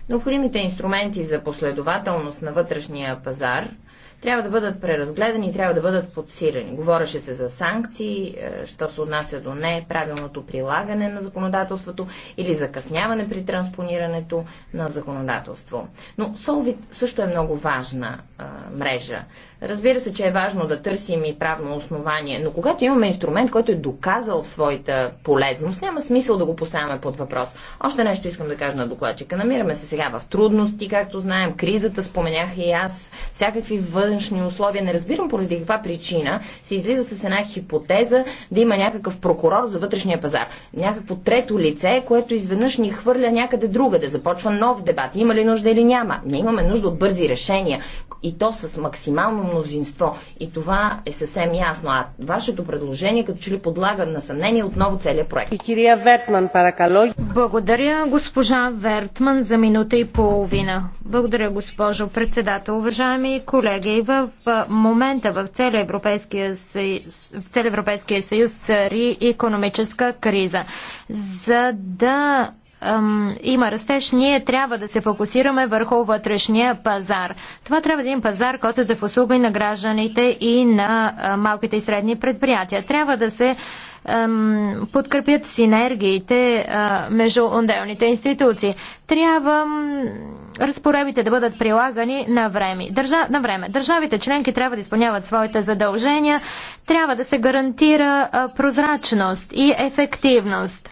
Необходимите инструменти за последователност на вътрешния пазар – трябва да бъдат преразгледани и трябва да бъдат подсилени. Говореше се за санкции, е, що се отнася до неправилното прилагане на законодателството или закъсняване при транспонирането на законодателство. Но Солвит също е много важна а, е, мрежа. Разбира се, че е важно да търсим и правно основание, но когато имаме инструмент, който е доказал своята полезност, няма смисъл да го поставяме под въпрос. Още нещо искам да кажа на докладчика. Намираме се сега в трудности, както знаем, кризата, споменях и аз, всякакви въ външни условия. Не разбирам поради каква причина се излиза с една хипотеза да има някакъв прокурор за вътрешния пазар. Някакво трето лице, което изведнъж ни хвърля някъде друга, да започва нов дебат. Има ли нужда или няма? Ние имаме нужда от бързи решения и то с максимално мнозинство. И това е съвсем ясно. А вашето предложение като че ли подлага на съмнение отново целият проект. кирия Вертман, паракало. Благодаря, госпожа Вертман, за минута и половина. Благодаря, госпожо председател. Уважаеми колеги, в момента в целия Европейския съюз, в целия Европейския съюз цари економическа криза. За да има растеж, ние трябва да се фокусираме върху вътрешния пазар. Това трябва да е пазар, който да е в услуга и на гражданите и на малките и средни предприятия. Трябва да се подкрепят синергиите между отделните институции. Трябва разпоредбите да бъдат прилагани на време. Държа... на време. Държавите членки трябва да изпълняват своите задължения, трябва да се гарантира прозрачност и ефективност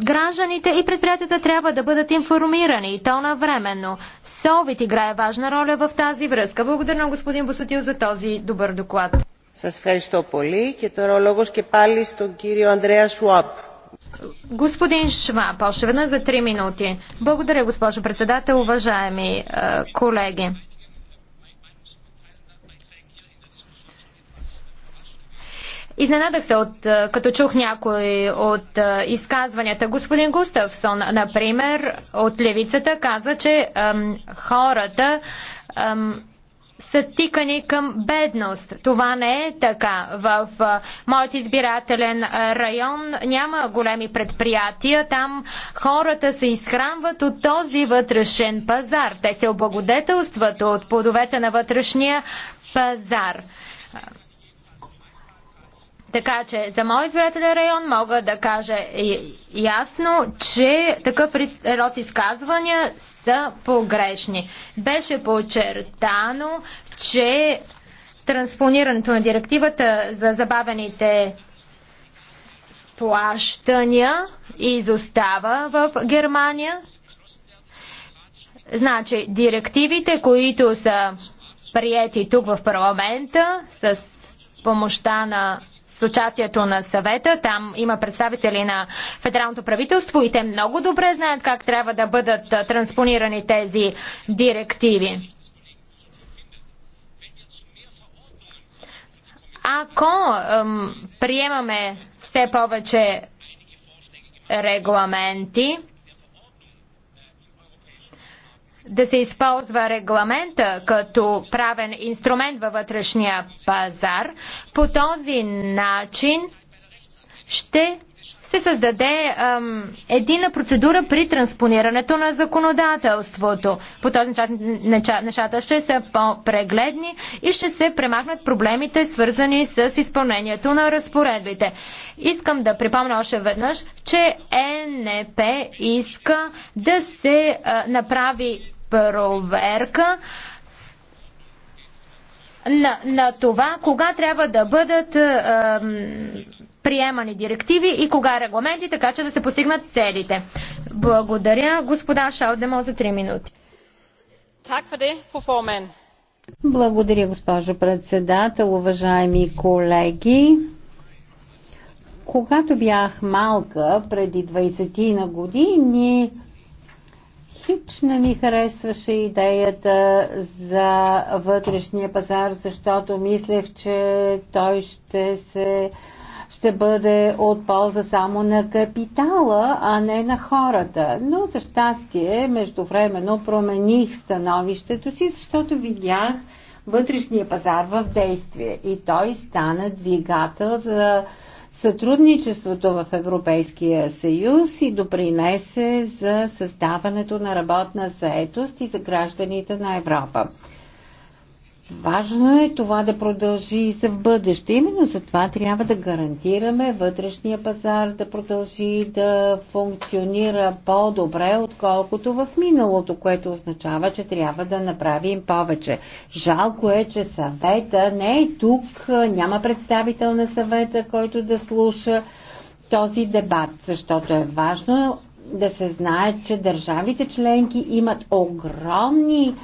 Гражданите и предприятията трябва да бъдат информирани и то навременно. Совет играе важна роля в тази връзка. Благодаря на господин Босотил за този добър доклад. Σας ευχαριστώ πολύ και τώρα ο λόγος και πάλι στον κύριο Ανδρέα Σουάπ. Господин Шваб, още веднъж за три минути. Благодаря, госпожо председател, уважаеми е, колеги. Изненадах се от, като чух някои от изказванията. Господин Густавсон, например, от левицата каза, че ам, хората ам, са тикани към бедност. Това не е така. В моят избирателен район няма големи предприятия. Там хората се изхранват от този вътрешен пазар. Те се облагодетелстват от плодовете на вътрешния пазар. Така че за моят избирателен район мога да кажа ясно, че такъв род изказвания са погрешни. Беше подчертано, че транспонирането на директивата за забавените плащания изостава в Германия. Значи, директивите, които са приети тук в парламента с помощта на с участието на съвета. Там има представители на федералното правителство и те много добре знаят как трябва да бъдат транспонирани тези директиви. Ако ем, приемаме все повече регламенти, да се използва регламента като правен инструмент във вътрешния пазар. По този начин ще се създаде ам, едина процедура при транспонирането на законодателството. По този начин нещата ще са по-прегледни и ще се премахнат проблемите, свързани с изпълнението на разпоредбите. Искам да припомня още веднъж, че ЕНП иска да се а, направи проверка на, на това кога трябва да бъдат. А, приемани директиви и кога регламенти, така че да се постигнат целите. Благодаря. Господа Шалдемо за 3 минути. Благодаря, госпожо председател, уважаеми колеги. Когато бях малка, преди 20 на години, хич не ми харесваше идеята за вътрешния пазар, защото мислех, че той ще се ще бъде от полза само на капитала, а не на хората. Но за щастие, междувременно промених становището си, защото видях вътрешния пазар в действие и той стана двигател за сътрудничеството в Европейския съюз и допринесе за създаването на работна заетост и за гражданите на Европа. Важно е това да продължи и за в бъдеще. Именно за това трябва да гарантираме вътрешния пазар да продължи да функционира по-добре, отколкото в миналото, което означава, че трябва да направим повече. Жалко е, че съвета не е тук, няма представител на съвета, който да слуша този дебат, защото е важно да се знае, че държавите членки имат огромни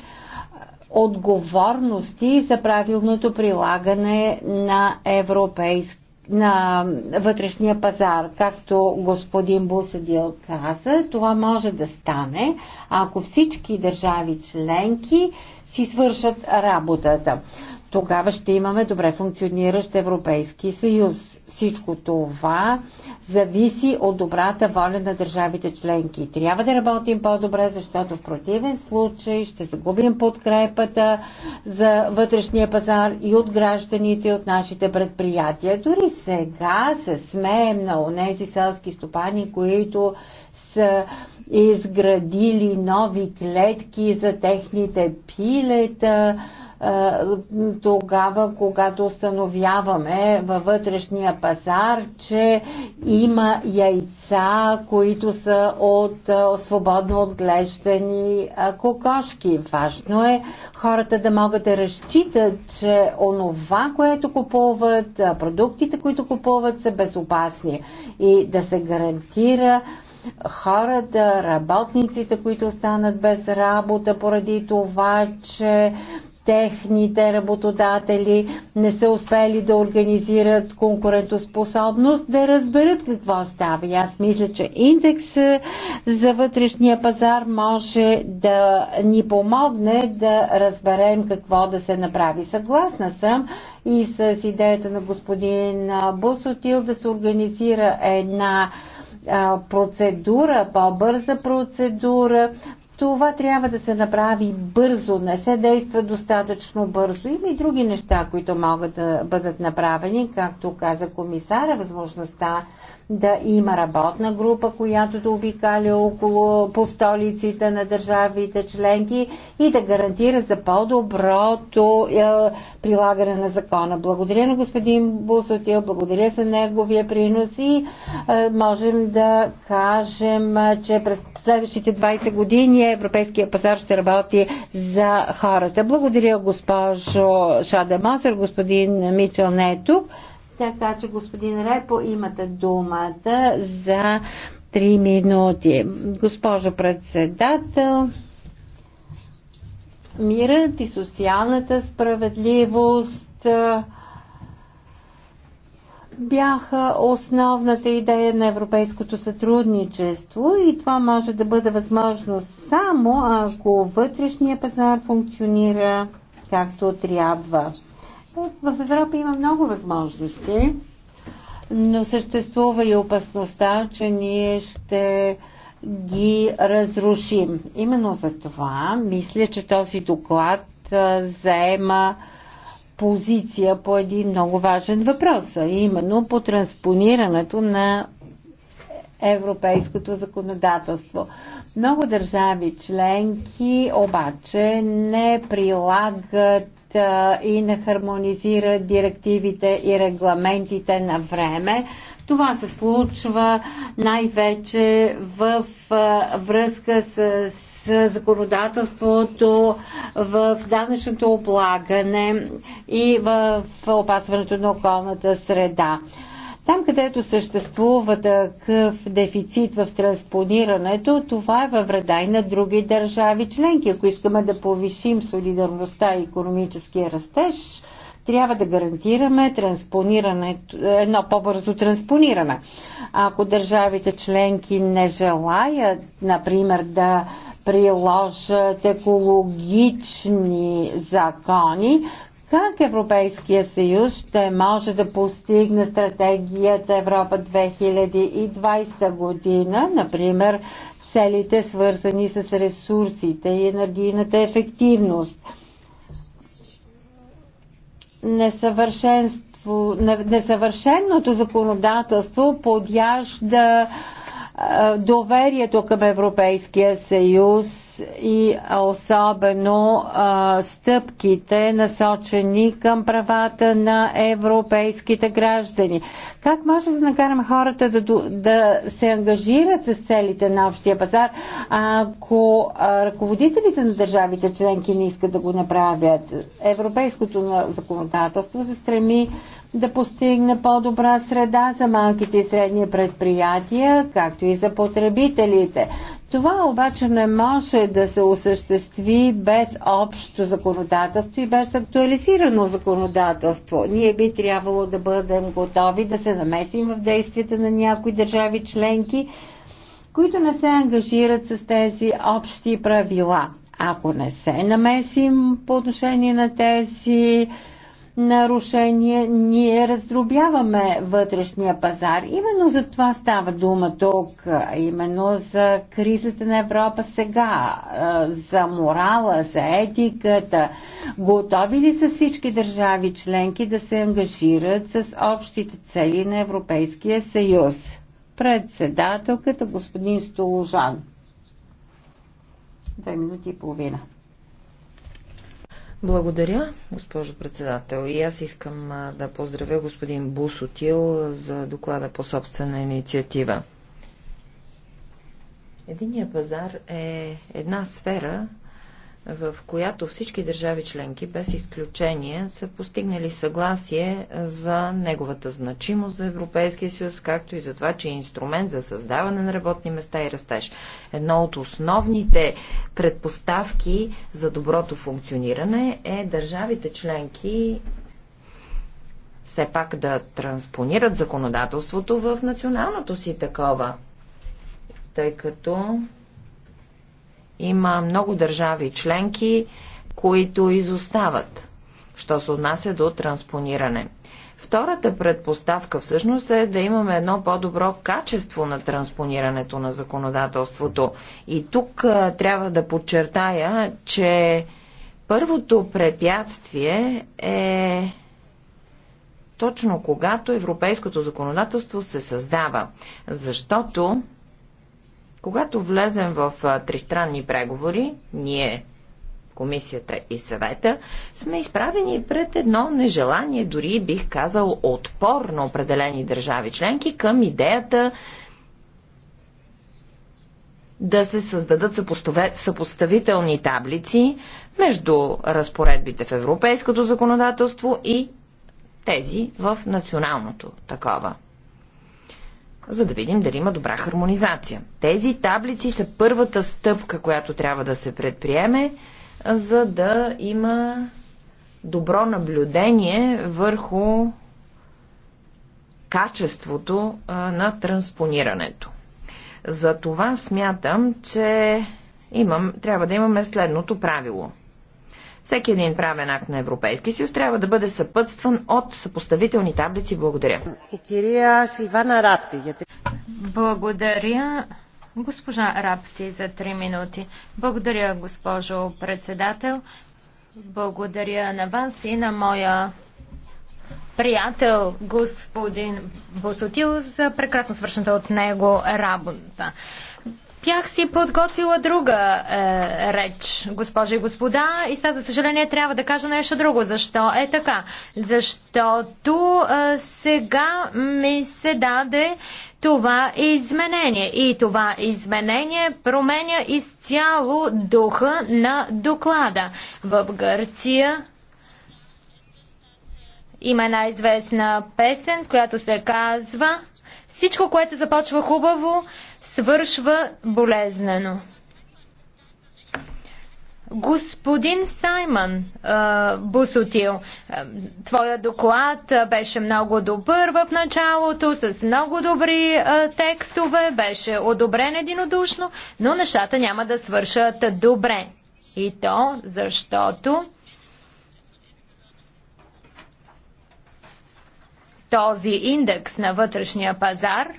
отговорности за правилното прилагане на европейски на вътрешния пазар. Както господин Бусодил каза, това може да стане, ако всички държави членки си свършат работата. Тогава ще имаме добре функциониращ Европейски съюз всичко това зависи от добрата воля на държавите членки. Трябва да работим по-добре, защото в противен случай ще загубим подкрепата за вътрешния пазар и от гражданите, и от нашите предприятия. Дори сега се смеем на тези селски стопани, които са изградили нови клетки за техните пилета, е, тогава, когато установяваме във вътрешния пазар, че има яйца, които са от е, свободно отглеждани е, кокошки. Важно е хората да могат да разчитат, че онова, което купуват, продуктите, които купуват, са безопасни и да се гарантира хората, работниците, които останат без работа поради това, че техните работодатели не са успели да организират конкурентоспособност, да разберат какво става. И аз мисля, че индекс е, за вътрешния пазар може да ни помогне да разберем какво да се направи. Съгласна съм и с идеята на господин Босотил да се организира една процедура, по-бърза процедура, това трябва да се направи бързо, не се действа достатъчно бързо. Има и други неща, които могат да бъдат направени, както каза комисара, възможността да има работна група, която да обикаля около по столиците на държавите членки и да гарантира за по-доброто е, прилагане на закона. Благодаря на господин Бусотил, благодаря за неговия принос и е, можем да кажем, че през следващите 20 години Европейския пазар ще работи за хората. Благодаря госпожо Шада Мосер, господин Мичел не е тук. Така че, господин Репо, имате думата за 3 минути. Госпожо председател, мирът и социалната справедливост бяха основната идея на европейското сътрудничество и това може да бъде възможно само ако вътрешния пазар функционира както трябва. В Европа има много възможности, но съществува и опасността, че ние ще ги разрушим. Именно за това мисля, че този доклад заема позиция по един много важен въпрос, а именно по транспонирането на европейското законодателство. Много държави членки обаче не прилагат и не хармонизира директивите и регламентите на време. Това се случва най-вече в връзка с законодателството в данъчното облагане и в опазването на околната среда. Там, където съществува такъв дефицит в транспонирането, това е във вреда и на други държави членки. Ако искаме да повишим солидарността и економическия растеж, трябва да гарантираме транспонирането едно по-бързо транспониране. Ако държавите членки не желаят, например, да приложат екологични закони, как Европейския съюз ще може да постигне стратегията Европа 2020 година, например целите свързани с ресурсите и енергийната ефективност? Несъвършенство, несъвършеното законодателство подяжда доверието към Европейския съюз и особено а, стъпките насочени към правата на европейските граждани. Как може да накараме хората да, да се ангажират с целите на общия пазар, ако ръководителите на държавите членки не искат да го направят? Европейското законодателство се стреми да постигне по-добра среда за малките и средни предприятия, както и за потребителите. Това обаче не може да се осъществи без общо законодателство и без актуализирано законодателство. Ние би трябвало да бъдем готови да се намесим в действията на някои държави членки, които не се ангажират с тези общи правила. Ако не се намесим по отношение на тези нарушение, ние раздробяваме вътрешния пазар. Именно за това става дума тук, именно за кризата на Европа сега, за морала, за етиката. Готови ли са всички държави членки да се ангажират с общите цели на Европейския съюз? Председателката господин Столожан. Две минути и половина. Благодаря, госпожо председател. И аз искам да поздравя господин Бусотил за доклада по собствена инициатива. Единия пазар е една сфера, в която всички държави членки, без изключение, са постигнали съгласие за неговата значимост за Европейския съюз, както и за това, че е инструмент за създаване на работни места и растеж. Едно от основните предпоставки за доброто функциониране е държавите членки все пак да транспонират законодателството в националното си такова, тъй като има много държави членки, които изостават, що се отнася до транспониране. Втората предпоставка всъщност е да имаме едно по-добро качество на транспонирането на законодателството. И тук а, трябва да подчертая, че първото препятствие е точно когато европейското законодателство се създава, защото когато влезем в тристранни преговори, ние, комисията и съвета, сме изправени пред едно нежелание, дори бих казал отпор на определени държави членки към идеята да се създадат съпоставителни таблици между разпоредбите в европейското законодателство и тези в националното такова за да видим дали има добра хармонизация. Тези таблици са първата стъпка, която трябва да се предприеме, за да има добро наблюдение върху качеството на транспонирането. За това смятам, че имам, трябва да имаме следното правило. Всеки един правен акт на европейски съюз трябва да бъде съпътстван от съпоставителни таблици. Благодаря. Благодаря. Госпожа Рапти за 3 минути. Благодаря, госпожо председател. Благодаря на вас и на моя приятел, господин Босотил, за прекрасно свършената от него работа бях си подготвила друга е, реч, госпожи и господа, и сега, за съжаление, трябва да кажа нещо друго. Защо е така? Защото е, сега ми се даде това изменение. И това изменение променя изцяло духа на доклада. В Гърция има една известна песен, която се казва Всичко, което започва хубаво, свършва болезнено. Господин Саймън Бусотил, твоя доклад беше много добър в началото, с много добри текстове, беше одобрен единодушно, но нещата няма да свършат добре. И то защото този индекс на вътрешния пазар –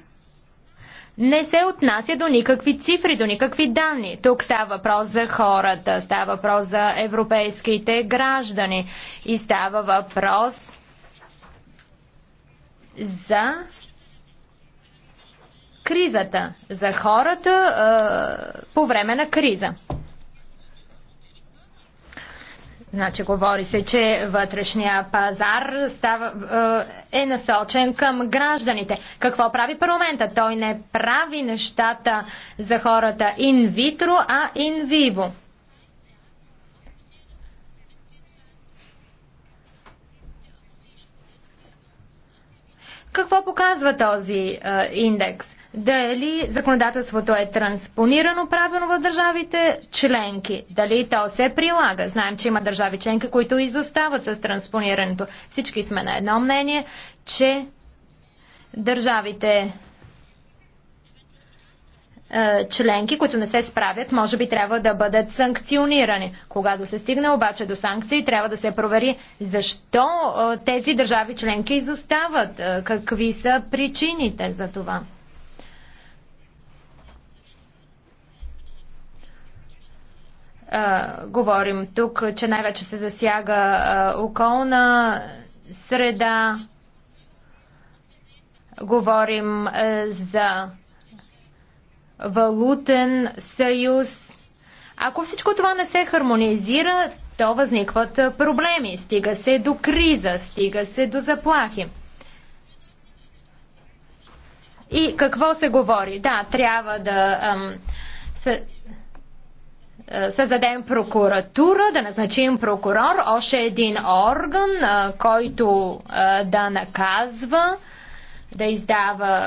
не се отнася до никакви цифри, до никакви данни. Тук става въпрос за хората, става въпрос за европейските граждани и става въпрос за кризата, за хората по време на криза. Значи, говори се, че вътрешния пазар става, е, е насочен към гражданите. Какво прави парламента? Той не прави нещата за хората инвитро, а инвиво. Какво показва този е, индекс? дали законодателството е транспонирано правилно в държавите членки, дали то се прилага. Знаем, че има държави членки, които изостават с транспонирането. Всички сме на едно мнение, че държавите е, членки, които не се справят, може би трябва да бъдат санкционирани. Когато се стигне обаче до санкции, трябва да се провери защо е, тези държави членки изостават, е, какви са причините за това. говорим тук, че най-вече се засяга а, околна среда. Говорим а, за валутен съюз. Ако всичко това не се хармонизира, то възникват проблеми. Стига се до криза, стига се до заплахи. И какво се говори? Да, трябва да. Ам, се, е, създадем прокуратура, да назначим прокурор, още един орган, е, който е, да наказва, да издава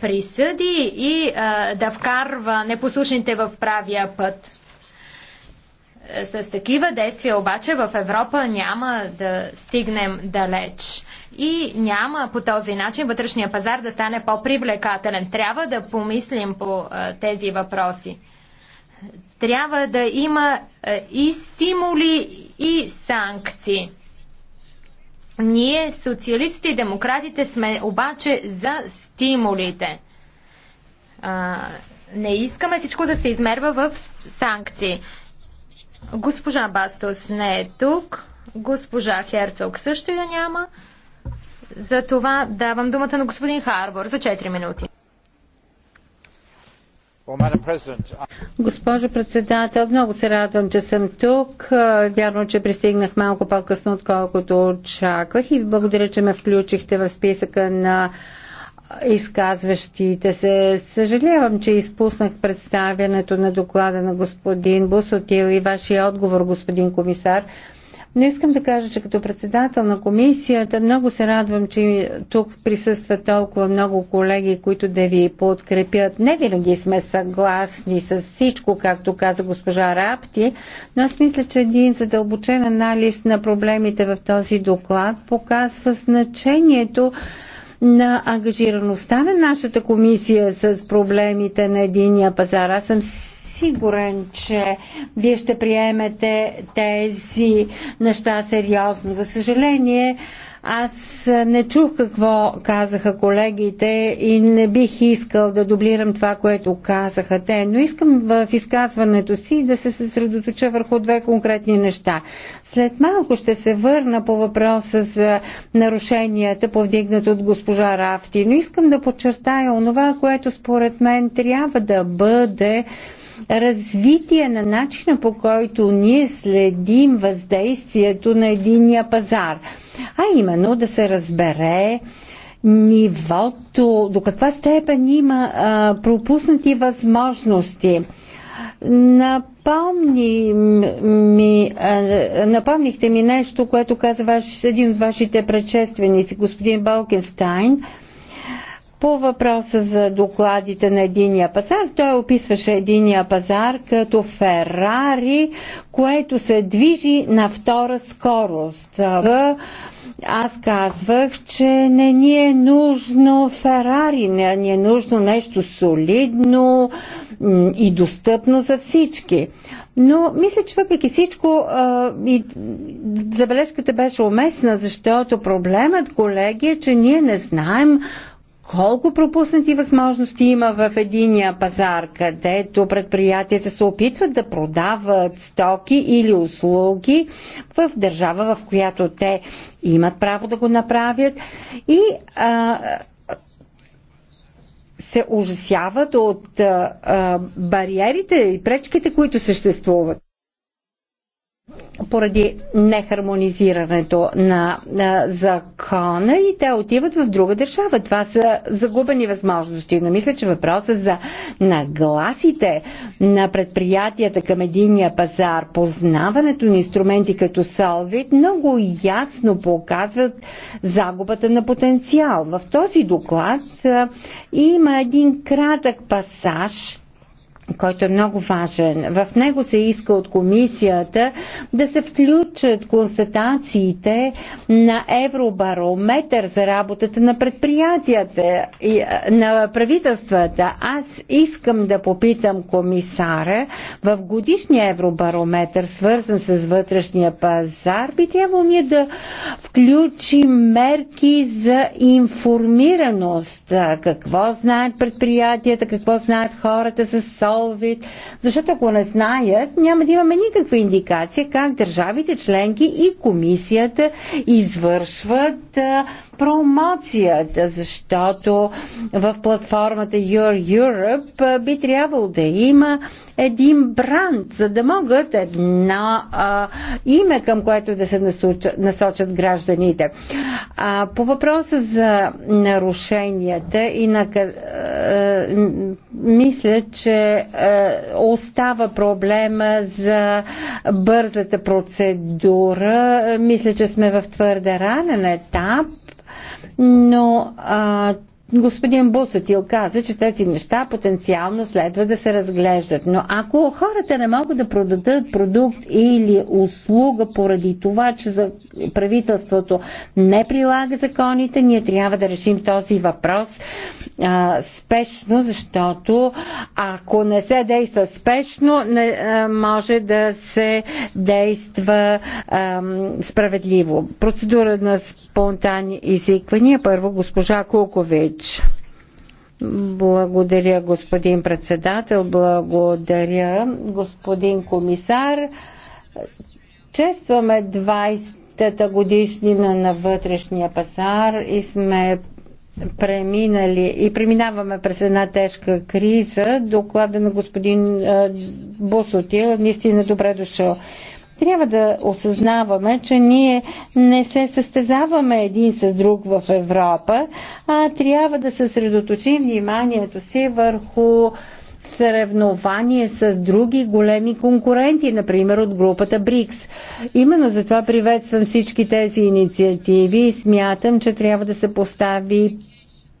присъди и да вкарва непослушните в правия път. С такива действия обаче в Европа няма да стигнем далеч. И няма по този начин вътрешния пазар да стане по-привлекателен. Трябва да помислим по тези въпроси. Трябва да има е, и стимули, и санкции. Ние, социалистите и демократите, сме обаче за стимулите. А, не искаме всичко да се измерва в санкции. Госпожа Бастос не е тук. Госпожа Херцог също я няма. За това давам думата на господин Харбор за 4 минути. Госпожо председател, много се радвам, че съм тук. Е, вярно, че пристигнах малко по-късно, отколкото очаквах и благодаря, че ме включихте в списъка на изказващите се. Съжалявам, че изпуснах представянето на доклада на господин Бусотил и вашия отговор, господин комисар. Но искам да кажа, че като председател на комисията много се радвам, че тук присъстват толкова много колеги, които да ви подкрепят. Не винаги сме съгласни с всичко, както каза госпожа Рапти, но аз мисля, че един задълбочен анализ на проблемите в този доклад показва значението на ангажираността на нашата комисия с проблемите на единия пазар. Аз съм сигурен, че вие ще приемете тези неща сериозно. За съжаление, аз не чух какво казаха колегите и не бих искал да дублирам това, което казаха те, но искам в изказването си да се съсредоточа върху две конкретни неща. След малко ще се върна по въпроса за нарушенията, повдигнат от госпожа Рафти, но искам да подчертая онова, което според мен трябва да бъде развитие на начина по който ние следим въздействието на единия пазар, а именно да се разбере нивото, до каква степен има а, пропуснати възможности. Напомни ми, напомнихте ми нещо, което каза ваш, един от вашите предшественици, господин Балкенстайн. По въпроса за докладите на единия пазар, той описваше единия пазар като Ферари, което се движи на втора скорост. Е, аз казвах, че не ни е нужно Ферари, не ни е нужно нещо солидно и достъпно за всички. Но мисля, че въпреки всичко е, и забележката беше уместна, защото проблемът, колеги, е, че ние не знаем колко пропуснати възможности има в единия пазар, където предприятията се опитват да продават стоки или услуги в държава, в която те имат право да го направят и а, се ужасяват от а, бариерите и пречките, които съществуват поради нехармонизирането на, на закона и те отиват в друга държава. Това са загубени възможности. Но мисля, че въпроса за нагласите на предприятията към единия пазар, познаването на инструменти като Солвит, много ясно показват загубата на потенциал. В този доклад а, има един кратък пасаж който е много важен. В него се иска от комисията да се включат констатациите на Евробарометър за работата на предприятията и е, на правителствата. Аз искам да попитам комисара в годишния Евробарометър, свързан с вътрешния пазар, би трябвало ние да включим мерки за информираност. Какво знаят предприятията, какво знаят хората с COVID, защото ако не знаят, няма да имаме никаква индикация как държавите членки и комисията извършват промоцията, защото в платформата Your Europe би трябвало да има един бранд, за да могат едно а, име, към което да се насочат, насочат гражданите. А, по въпроса за нарушенията и на, а, мисля, че а, остава проблема за бързата процедура. Мисля, че сме в твърде ранен етап но а, Господин Бусотил каза, че тези неща потенциално следва да се разглеждат. Но ако хората не могат да продадат продукт или услуга поради това, че за правителството не прилага законите, ние трябва да решим този въпрос а, спешно, защото ако не се действа спешно, не, а, може да се действа а, справедливо. Процедура на спонтанни изиквания. Първо госпожа Кукович. Благодаря, господин председател, благодаря, господин комисар. Честваме 20-та годишнина на вътрешния пазар и сме преминали и преминаваме през една тежка криза. Доклада на господин Босотил е наистина добре дошъл. Трябва да осъзнаваме, че ние не се състезаваме един с друг в Европа, а трябва да съсредоточим вниманието си върху съревнование с други големи конкуренти, например от групата БРИКС. Именно затова приветствам всички тези инициативи и смятам, че трябва да се постави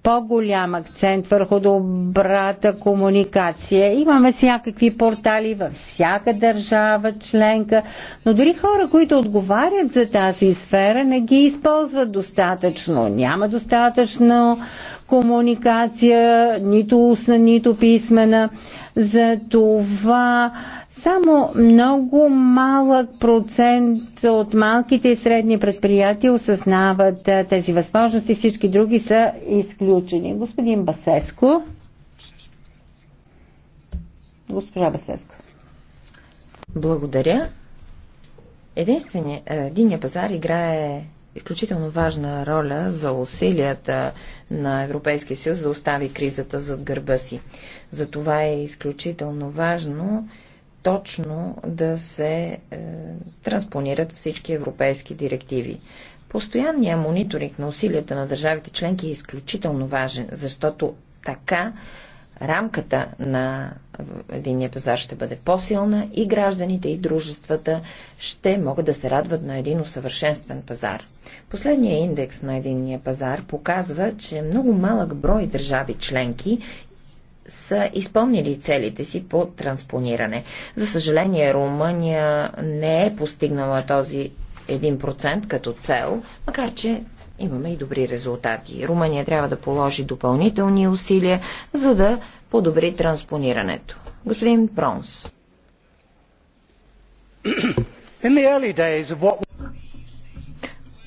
по-голям акцент върху добрата комуникация. Имаме всякакви портали във всяка държава членка, но дори хора, които отговарят за тази сфера, не ги използват достатъчно. Няма достатъчно комуникация, нито устна, нито писмена. За това само много малък процент от малките и средни предприятия осъзнават тези възможности, всички други са изключени. Господин Басеско. Госпожа Басеско. Благодаря. Единственият, е, единия пазар играе изключително важна роля за усилията на Европейския съюз да остави кризата зад гърба си. Затова е изключително важно точно да се е, транспонират всички европейски директиви. Постоянният мониторинг на усилията на държавите членки е изключително важен, защото така рамката на единния пазар ще бъде по-силна и гражданите и дружествата ще могат да се радват на един усъвършенствен пазар. Последният индекс на единния пазар показва, че много малък брой държави членки са изпълнили целите си по транспониране. За съжаление, Румъния не е постигнала този 1% като цел, макар че имаме и добри резултати. Румъния трябва да положи допълнителни усилия, за да подобри транспонирането. Господин Пронс.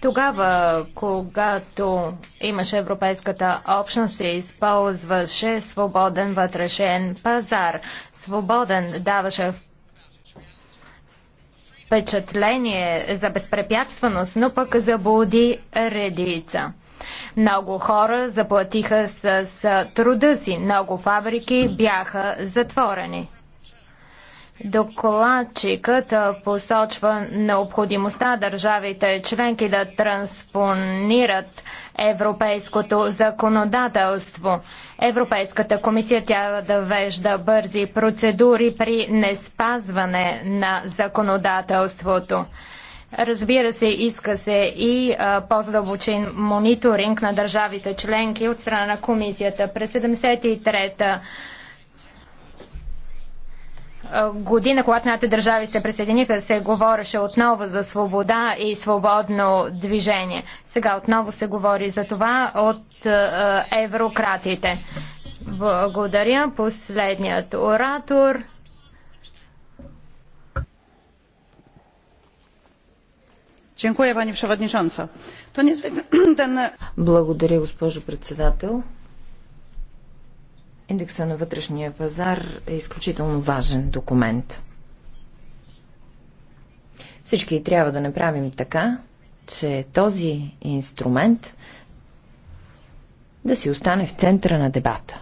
Тогава, когато имаше Европейската общност, се използваше свободен вътрешен пазар. Свободен даваше впечатление за безпрепятственост, но пък заблуди редица. Много хора заплатиха с, с труда си, много фабрики бяха затворени. Докладчикът посочва необходимостта държавите членки да транспонират европейското законодателство. Европейската комисия трябва да вежда бързи процедури при неспазване на законодателството. Разбира се, иска се и по-задълбочен мониторинг на държавите членки от страна на комисията. През 73-та година, когато нато държави се присъединиха, се говореше отново за свобода и свободно движение. Сега отново се говори за това от еврократите. Благодаря. Последният оратор. Благодаря, госпожо председател. Индекса на вътрешния пазар е изключително важен документ. Всички трябва да направим така, че този инструмент да си остане в центъра на дебата.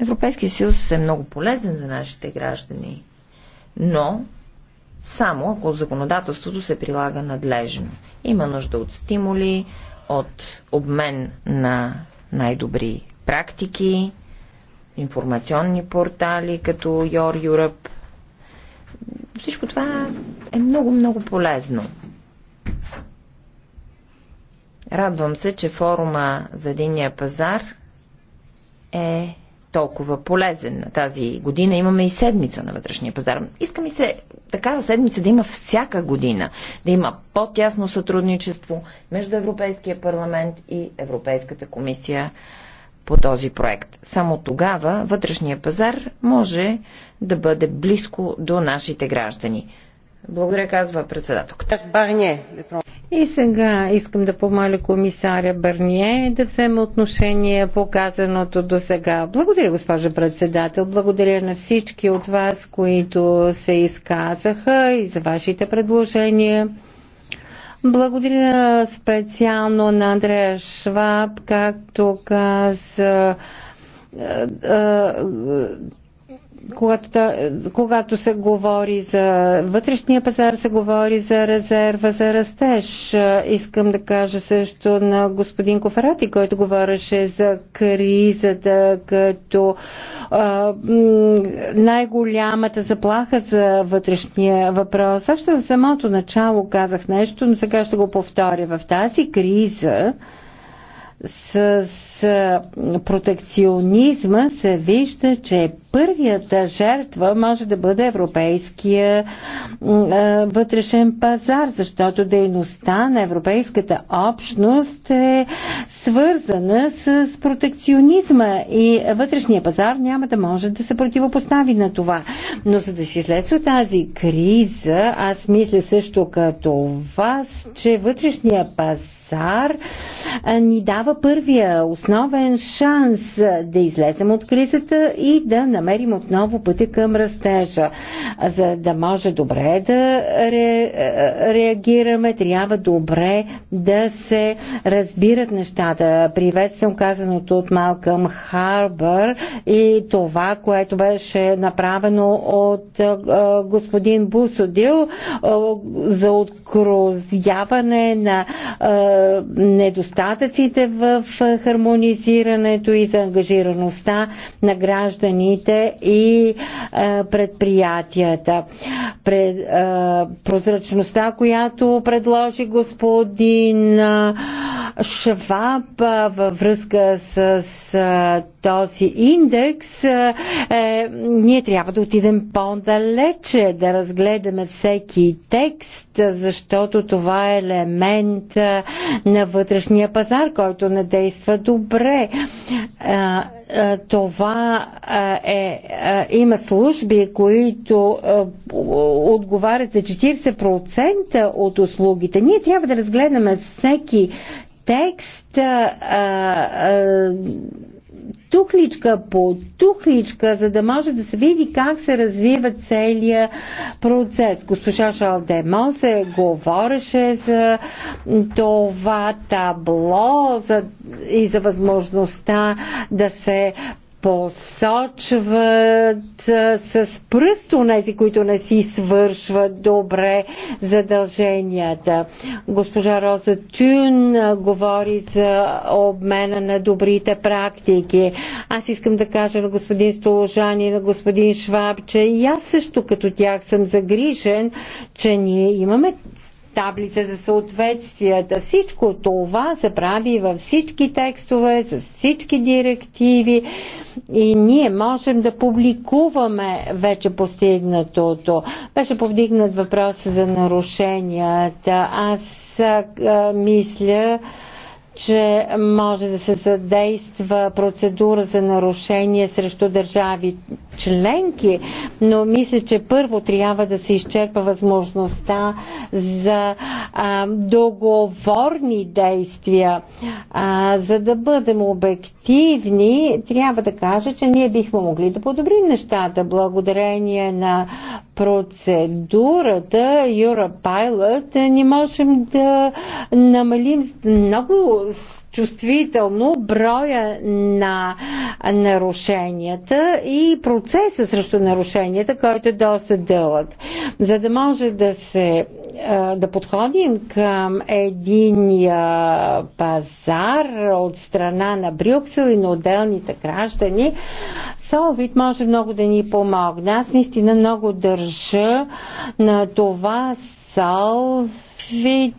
Европейския съюз е много полезен за нашите граждани, но само ако законодателството се прилага надлежно. Има нужда от стимули, от обмен на най-добри практики, информационни портали като Your Europe. Всичко това е много-много полезно. Радвам се, че форума за единния пазар е толкова полезен. На тази година имаме и седмица на вътрешния пазар. Иска ми се такава седмица да има всяка година, да има по-тясно сътрудничество между Европейския парламент и Европейската комисия по този проект. Само тогава вътрешния пазар може да бъде близко до нашите граждани. Благодаря, казва председателката. И сега искам да помоля комисаря Бърние да вземе отношение по казаното до сега. Благодаря, госпожа председател. Благодаря на всички от вас, които се изказаха и за вашите предложения. Благодаря специално на Андрея Шваб, както каза е, е, когато, когато се говори за вътрешния пазар, се говори за резерва за растеж. Искам да кажа също на господин Коферати, който говореше за кризата като най-голямата заплаха за вътрешния въпрос. Също в самото начало казах нещо, но сега ще го повторя. В тази криза с, с протекционизма се вижда, че първията жертва може да бъде европейския е, вътрешен пазар, защото дейността на европейската общност е свързана с протекционизма и вътрешния пазар няма да може да се противопостави на това. Но за да си излезе от тази криза, аз мисля също като вас, че вътрешния пазар цар, ни дава първия основен шанс да излезем от кризата и да намерим отново пътя към растежа. За да може добре да ре, реагираме, трябва добре да се разбират нещата. Приветствам казаното от Малкъм Харбър и това, което беше направено от господин Бусодил за открозяване на недостатъците в хармонизирането и за ангажираността на гражданите и предприятията. Пред, прозрачността, която предложи господин Шваб във връзка с, с този индекс, е, ние трябва да отидем по-далече, да разгледаме всеки текст, защото това е елемент на вътрешния пазар, който не действа добре. Това е, има служби, които отговарят за 40% от услугите. Ние трябва да разгледаме всеки текст, а, а, тухличка по тухличка, за да може да се види как се развива целият процес. Госпожа Шалдемон се говореше за това табло за, и за възможността да се посочват с пръст онези, които не си свършват добре задълженията. Госпожа Роза Тюн говори за обмена на добрите практики. Аз искам да кажа на господин Столожани, и на господин Шваб, че и аз също като тях съм загрижен, че ние имаме таблица за съответствията. Всичко това се прави във всички текстове, с всички директиви и ние можем да публикуваме вече постигнатото. Беше повдигнат въпрос за нарушенията. Аз а, мисля, че може да се задейства процедура за нарушение срещу държави членки, но мисля, че първо трябва да се изчерпа възможността за а, договорни действия. А, за да бъдем обективни, трябва да кажа, че ние бихме могли да подобрим нещата благодарение на процедурата Europilot. Не можем да намалим много чувствително броя на нарушенията и процеса срещу нарушенията, който е доста дълъг. За да може да се да подходим към един пазар от страна на Брюксел и на отделните граждани, Солвит може много да ни помогне. Аз наистина много държа на това Солвит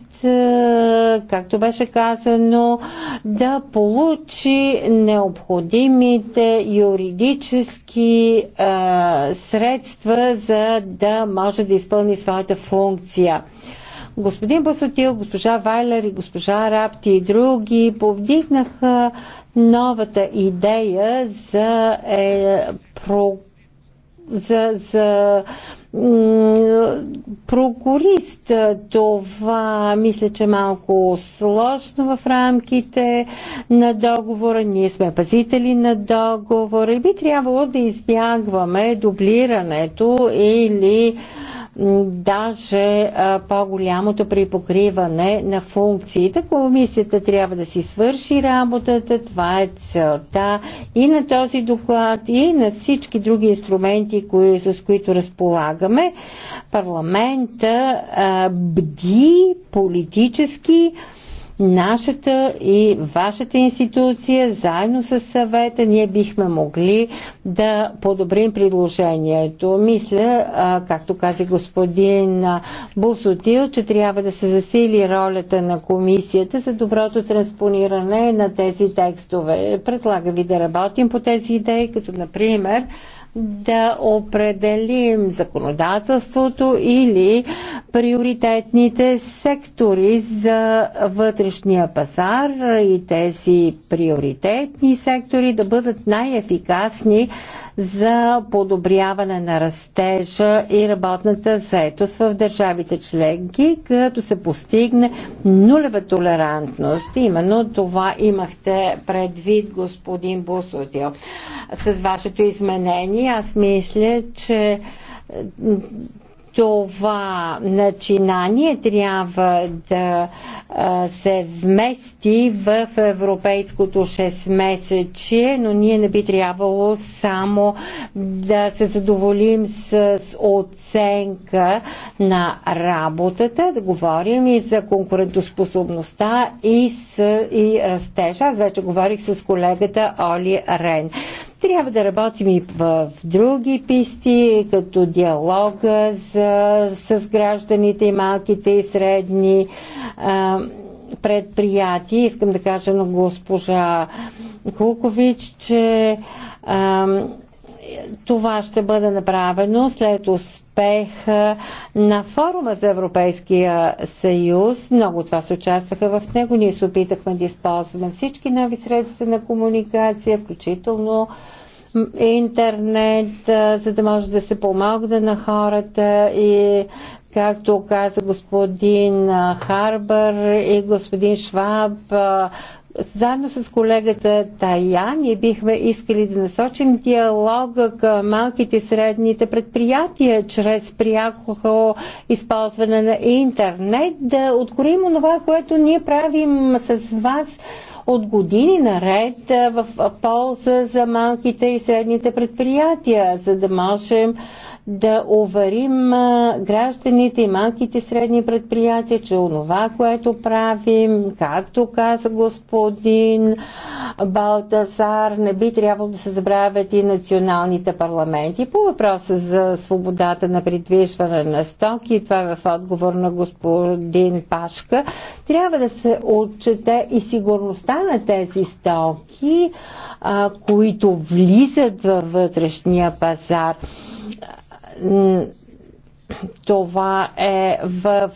както беше казано, да получи необходимите юридически а, средства, за да може да изпълни своята функция. Господин Басотил, госпожа Вайлер и госпожа Рапти и други повдигнаха новата идея за, е, про, за, за прокурист. Това мисля, че е малко сложно в рамките на договора. Ние сме пазители на договора и би трябвало да избягваме дублирането или даже по-голямото припокриване на функциите. Комисията трябва да си свърши работата, това е целта и на този доклад, и на всички други инструменти, кои, с които разполага прилагаме, парламента а, бди политически нашата и вашата институция, заедно с съвета, ние бихме могли да подобрим предложението. Мисля, както каза господин Бусотил, че трябва да се засили ролята на комисията за доброто транспониране на тези текстове. Предлага ви да работим по тези идеи, като например да определим законодателството или приоритетните сектори за вътрешния пазар и тези приоритетни сектори да бъдат най-ефикасни за подобряване на растежа и работната заетост в държавите членки, като се постигне нулева толерантност. Именно това имахте предвид, господин Бусотил. С вашето изменение аз мисля, че това начинание трябва да се вмести в европейското 6 месече, но ние не би трябвало само да се задоволим с оценка на работата, да говорим и за конкурентоспособността и, с, и растежа. Аз вече говорих с колегата Оли Рен. Трябва да работим и в други писти, като диалога за, с гражданите и малките и средни а, предприятия. Искам да кажа на госпожа Кукович, че а, това ще бъде направено след успех на форума за Европейския съюз. Много от вас участваха в него. Ние се опитахме да използваме всички нови средства на комуникация, включително интернет, за да може да се помогне на хората и както каза господин Харбър и господин Шваб, заедно с колегата Тая, ние бихме искали да насочим диалога към малките и средните предприятия, чрез пряко използване на интернет, да откроим това, което ние правим с вас от години наред в полза за малките и средните предприятия, за да можем да уверим гражданите и малките средни предприятия, че онова, което правим, както каза господин Балтазар, не би трябвало да се забравят и националните парламенти. По въпроса за свободата на придвижване на стоки, това е в отговор на господин Пашка, трябва да се отчете и сигурността на тези стоки, които влизат във вътрешния пазар това е в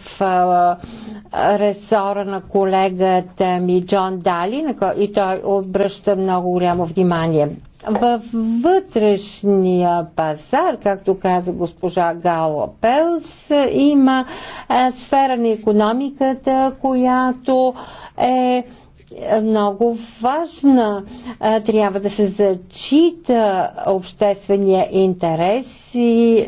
ресора на колегата ми Джон Дали и той обръща много голямо внимание. Във вътрешния пазар, както каза госпожа Гало Пелс, има сфера на економиката, която е много важна. Трябва да се зачита обществения интерес и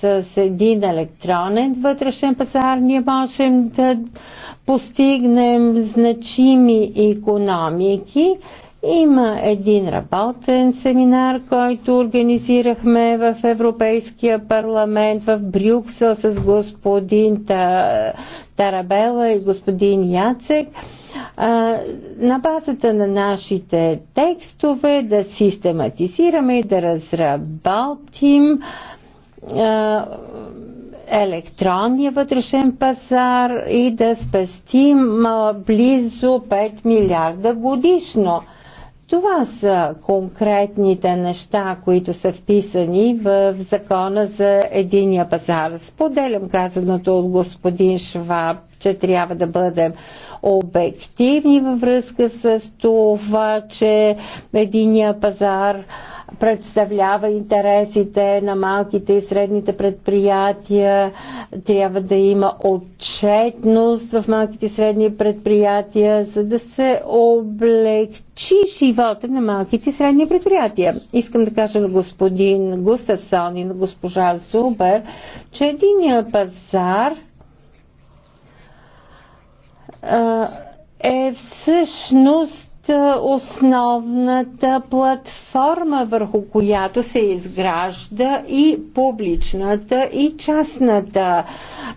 с един електронен вътрешен пазар ние можем да постигнем значими економики. Има един работен семинар, който организирахме в Европейския парламент в Брюксел с господин Тарабела и господин Яцек на базата на нашите текстове да систематизираме и да разработим електронния вътрешен пазар и да спестим близо 5 милиарда годишно. Това са конкретните неща, които са вписани в закона за единия пазар. Споделям казаното от господин Шваб, че трябва да бъдем обективни във връзка с това, че единия пазар представлява интересите на малките и средните предприятия, трябва да има отчетност в малките и средни предприятия, за да се облегчи живота на малките и средни предприятия. Искам да кажа на господин Густав и на госпожа Зубер, че единия пазар – е всъщност е, основната платформа, върху която се изгражда и публичната, и частната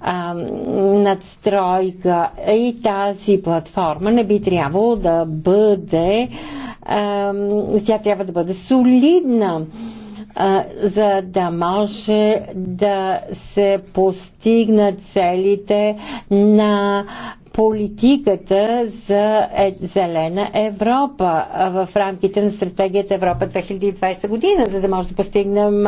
а, надстройка. И тази платформа не би трябвало да бъде, а, тя трябва да бъде солидна за да може да се постигнат целите на политиката за е, зелена Европа в рамките на стратегията Европа 2020 година, за да може да постигнем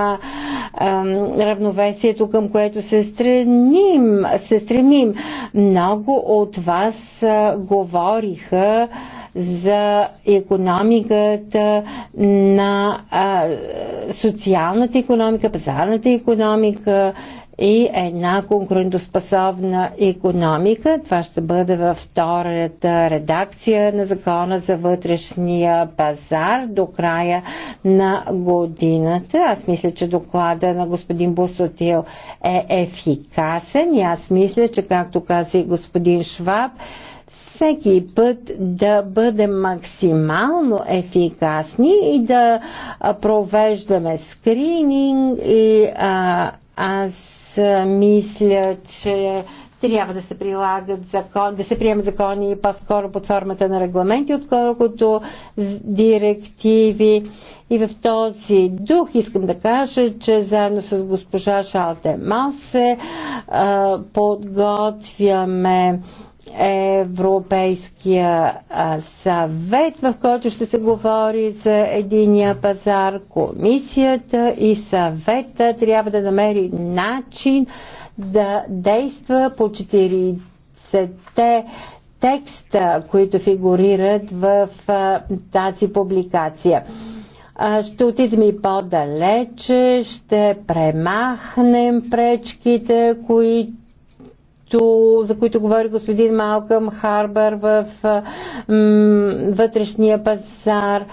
равновесието, към което се стремим. Се стремим. Много от вас говориха за економиката на а, социалната економика, пазарната економика, и една конкурентоспособна економика. Това ще бъде във втората редакция на закона за вътрешния пазар до края на годината. Аз мисля, че доклада на господин Босотил е ефикасен и аз мисля, че както каза и господин Шваб, всеки път да бъдем максимално ефикасни и да провеждаме скрининг и а, аз мисля, че трябва да се прилагат закон, да се приемат закони по-скоро под формата на регламенти, отколкото директиви. И в този дух искам да кажа, че заедно с госпожа Шалте Малсе подготвяме Европейския съвет, в който ще се говори за единия пазар, комисията и съвета трябва да намери начин да действа по 40-те текста, които фигурират в тази публикация ще отидем и по-далече, ще премахнем пречките, които които, за които говори господин Малкъм Харбър в вътрешния пазар,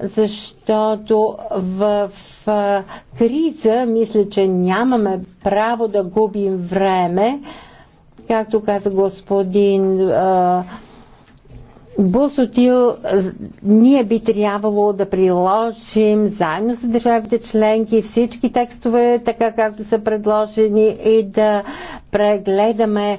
защото в криза мисля, че нямаме право да губим време. Както каза господин а, Бусотил, ние би трябвало да приложим заедно с държавите членки всички текстове, така както са предложени и да прегледаме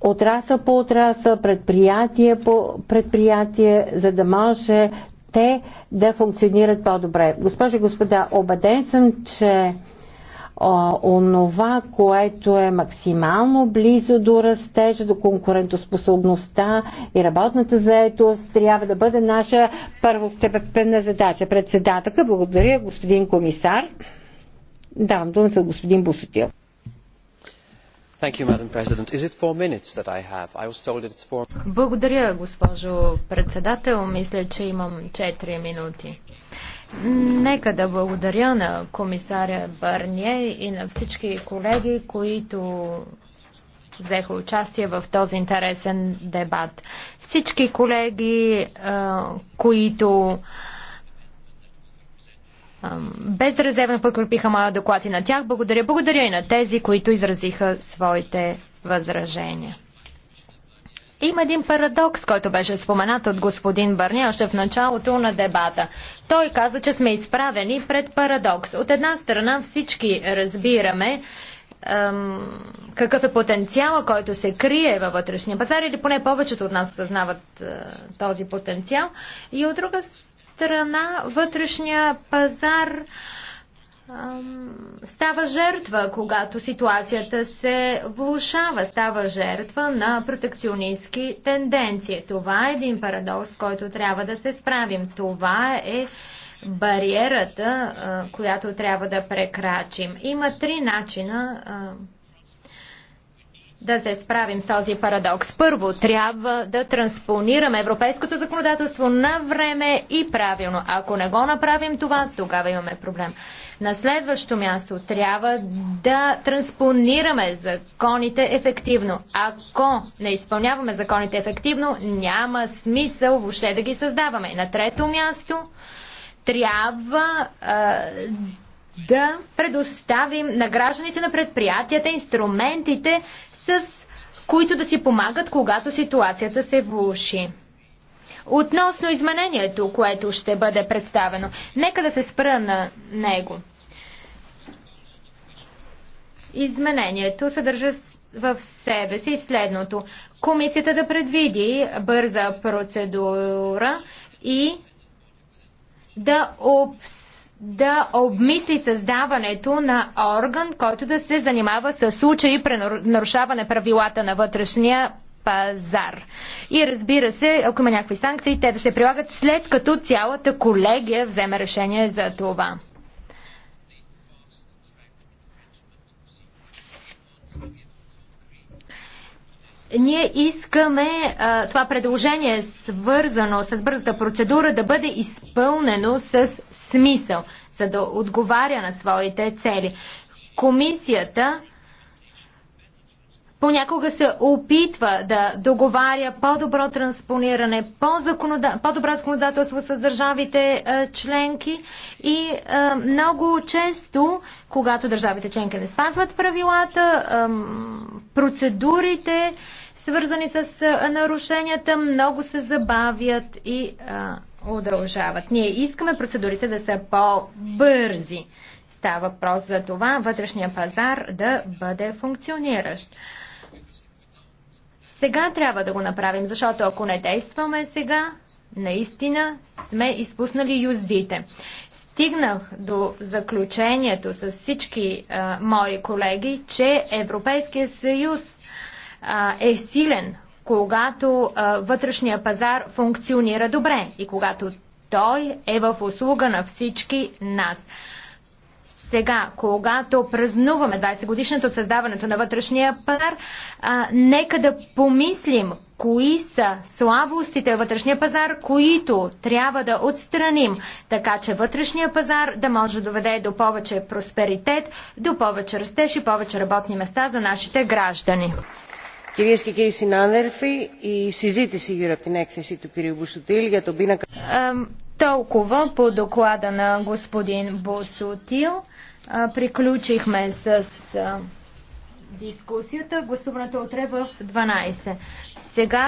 отрасъл по отрасъл, предприятие по предприятие, за да може те да функционират по-добре. Госпожи и господа, обаден съм, че онова, което е максимално близо до растежа, до конкурентоспособността и работната заетост, трябва да бъде наша първостепенна задача. Председателка, благодаря господин комисар. Давам думата за господин Бусотил. Благодаря, госпожо председател. Мисля, че имам 4 минути. Нека да благодаря на комисаря Бърние и на всички колеги, които взеха участие в този интересен дебат. Всички колеги, които безрезервно подкрепиха моя доклад и на тях, благодаря. Благодаря и на тези, които изразиха своите възражения. Има един парадокс, който беше споменат от господин Бърни още в началото на дебата. Той каза, че сме изправени пред парадокс. От една страна всички разбираме, какъв е потенциала, който се крие във вътрешния пазар, или поне повечето от нас осъзнават е, този потенциал. И от друга страна, вътрешния пазар става жертва, когато ситуацията се влушава, става жертва на протекционистски тенденции. Това е един парадокс, който трябва да се справим. Това е бариерата, която трябва да прекрачим. Има три начина да се справим с този парадокс. Първо, трябва да транспонираме европейското законодателство на време и правилно. Ако не го направим това, тогава имаме проблем. На следващо място, трябва да транспонираме законите ефективно. Ако не изпълняваме законите ефективно, няма смисъл въобще да ги създаваме. На трето място, трябва а, да предоставим на гражданите на предприятията инструментите, с които да си помагат, когато ситуацията се влуши. Относно изменението, което ще бъде представено, нека да се спра на него. Изменението съдържа в себе си следното. Комисията да предвиди бърза процедура и да обсъди да обмисли създаването на орган, който да се занимава с случаи при нарушаване правилата на вътрешния пазар. И разбира се, ако има някакви санкции, те да се прилагат след като цялата колегия вземе решение за това. Ние искаме а, това предложение, свързано с бързата процедура, да бъде изпълнено с смисъл, за да отговаря на своите цели. Комисията понякога се опитва да договаря по-добро транспониране, по-добро законодателство с държавите членки и много често, когато държавите членки не спазват правилата, процедурите, свързани с нарушенията, много се забавят и а, удължават. Ние искаме процедурите да са по-бързи. Става въпрос за това вътрешния пазар да бъде функциониращ. Сега трябва да го направим, защото ако не действаме сега, наистина сме изпуснали юздите. Стигнах до заключението с всички а, мои колеги, че Европейския съюз е силен, когато вътрешния пазар функционира добре и когато той е в услуга на всички нас. Сега, когато празнуваме 20 годишното създаването на вътрешния пазар, а, нека да помислим кои са слабостите на вътрешния пазар, които трябва да отстраним, така че вътрешния пазар да може да доведе до повече просперитет, до повече растеж и повече работни места за нашите граждани. Κυρίες και κύριοι συνάδελφοι, η συζήτηση γύρω από την έκθεση του κυρίου Μπουσουτήλ για τον πίνακα... Толкова по доклада на господин Босутил. Приключихме с дискусията. Гласуването утре в 12. Сега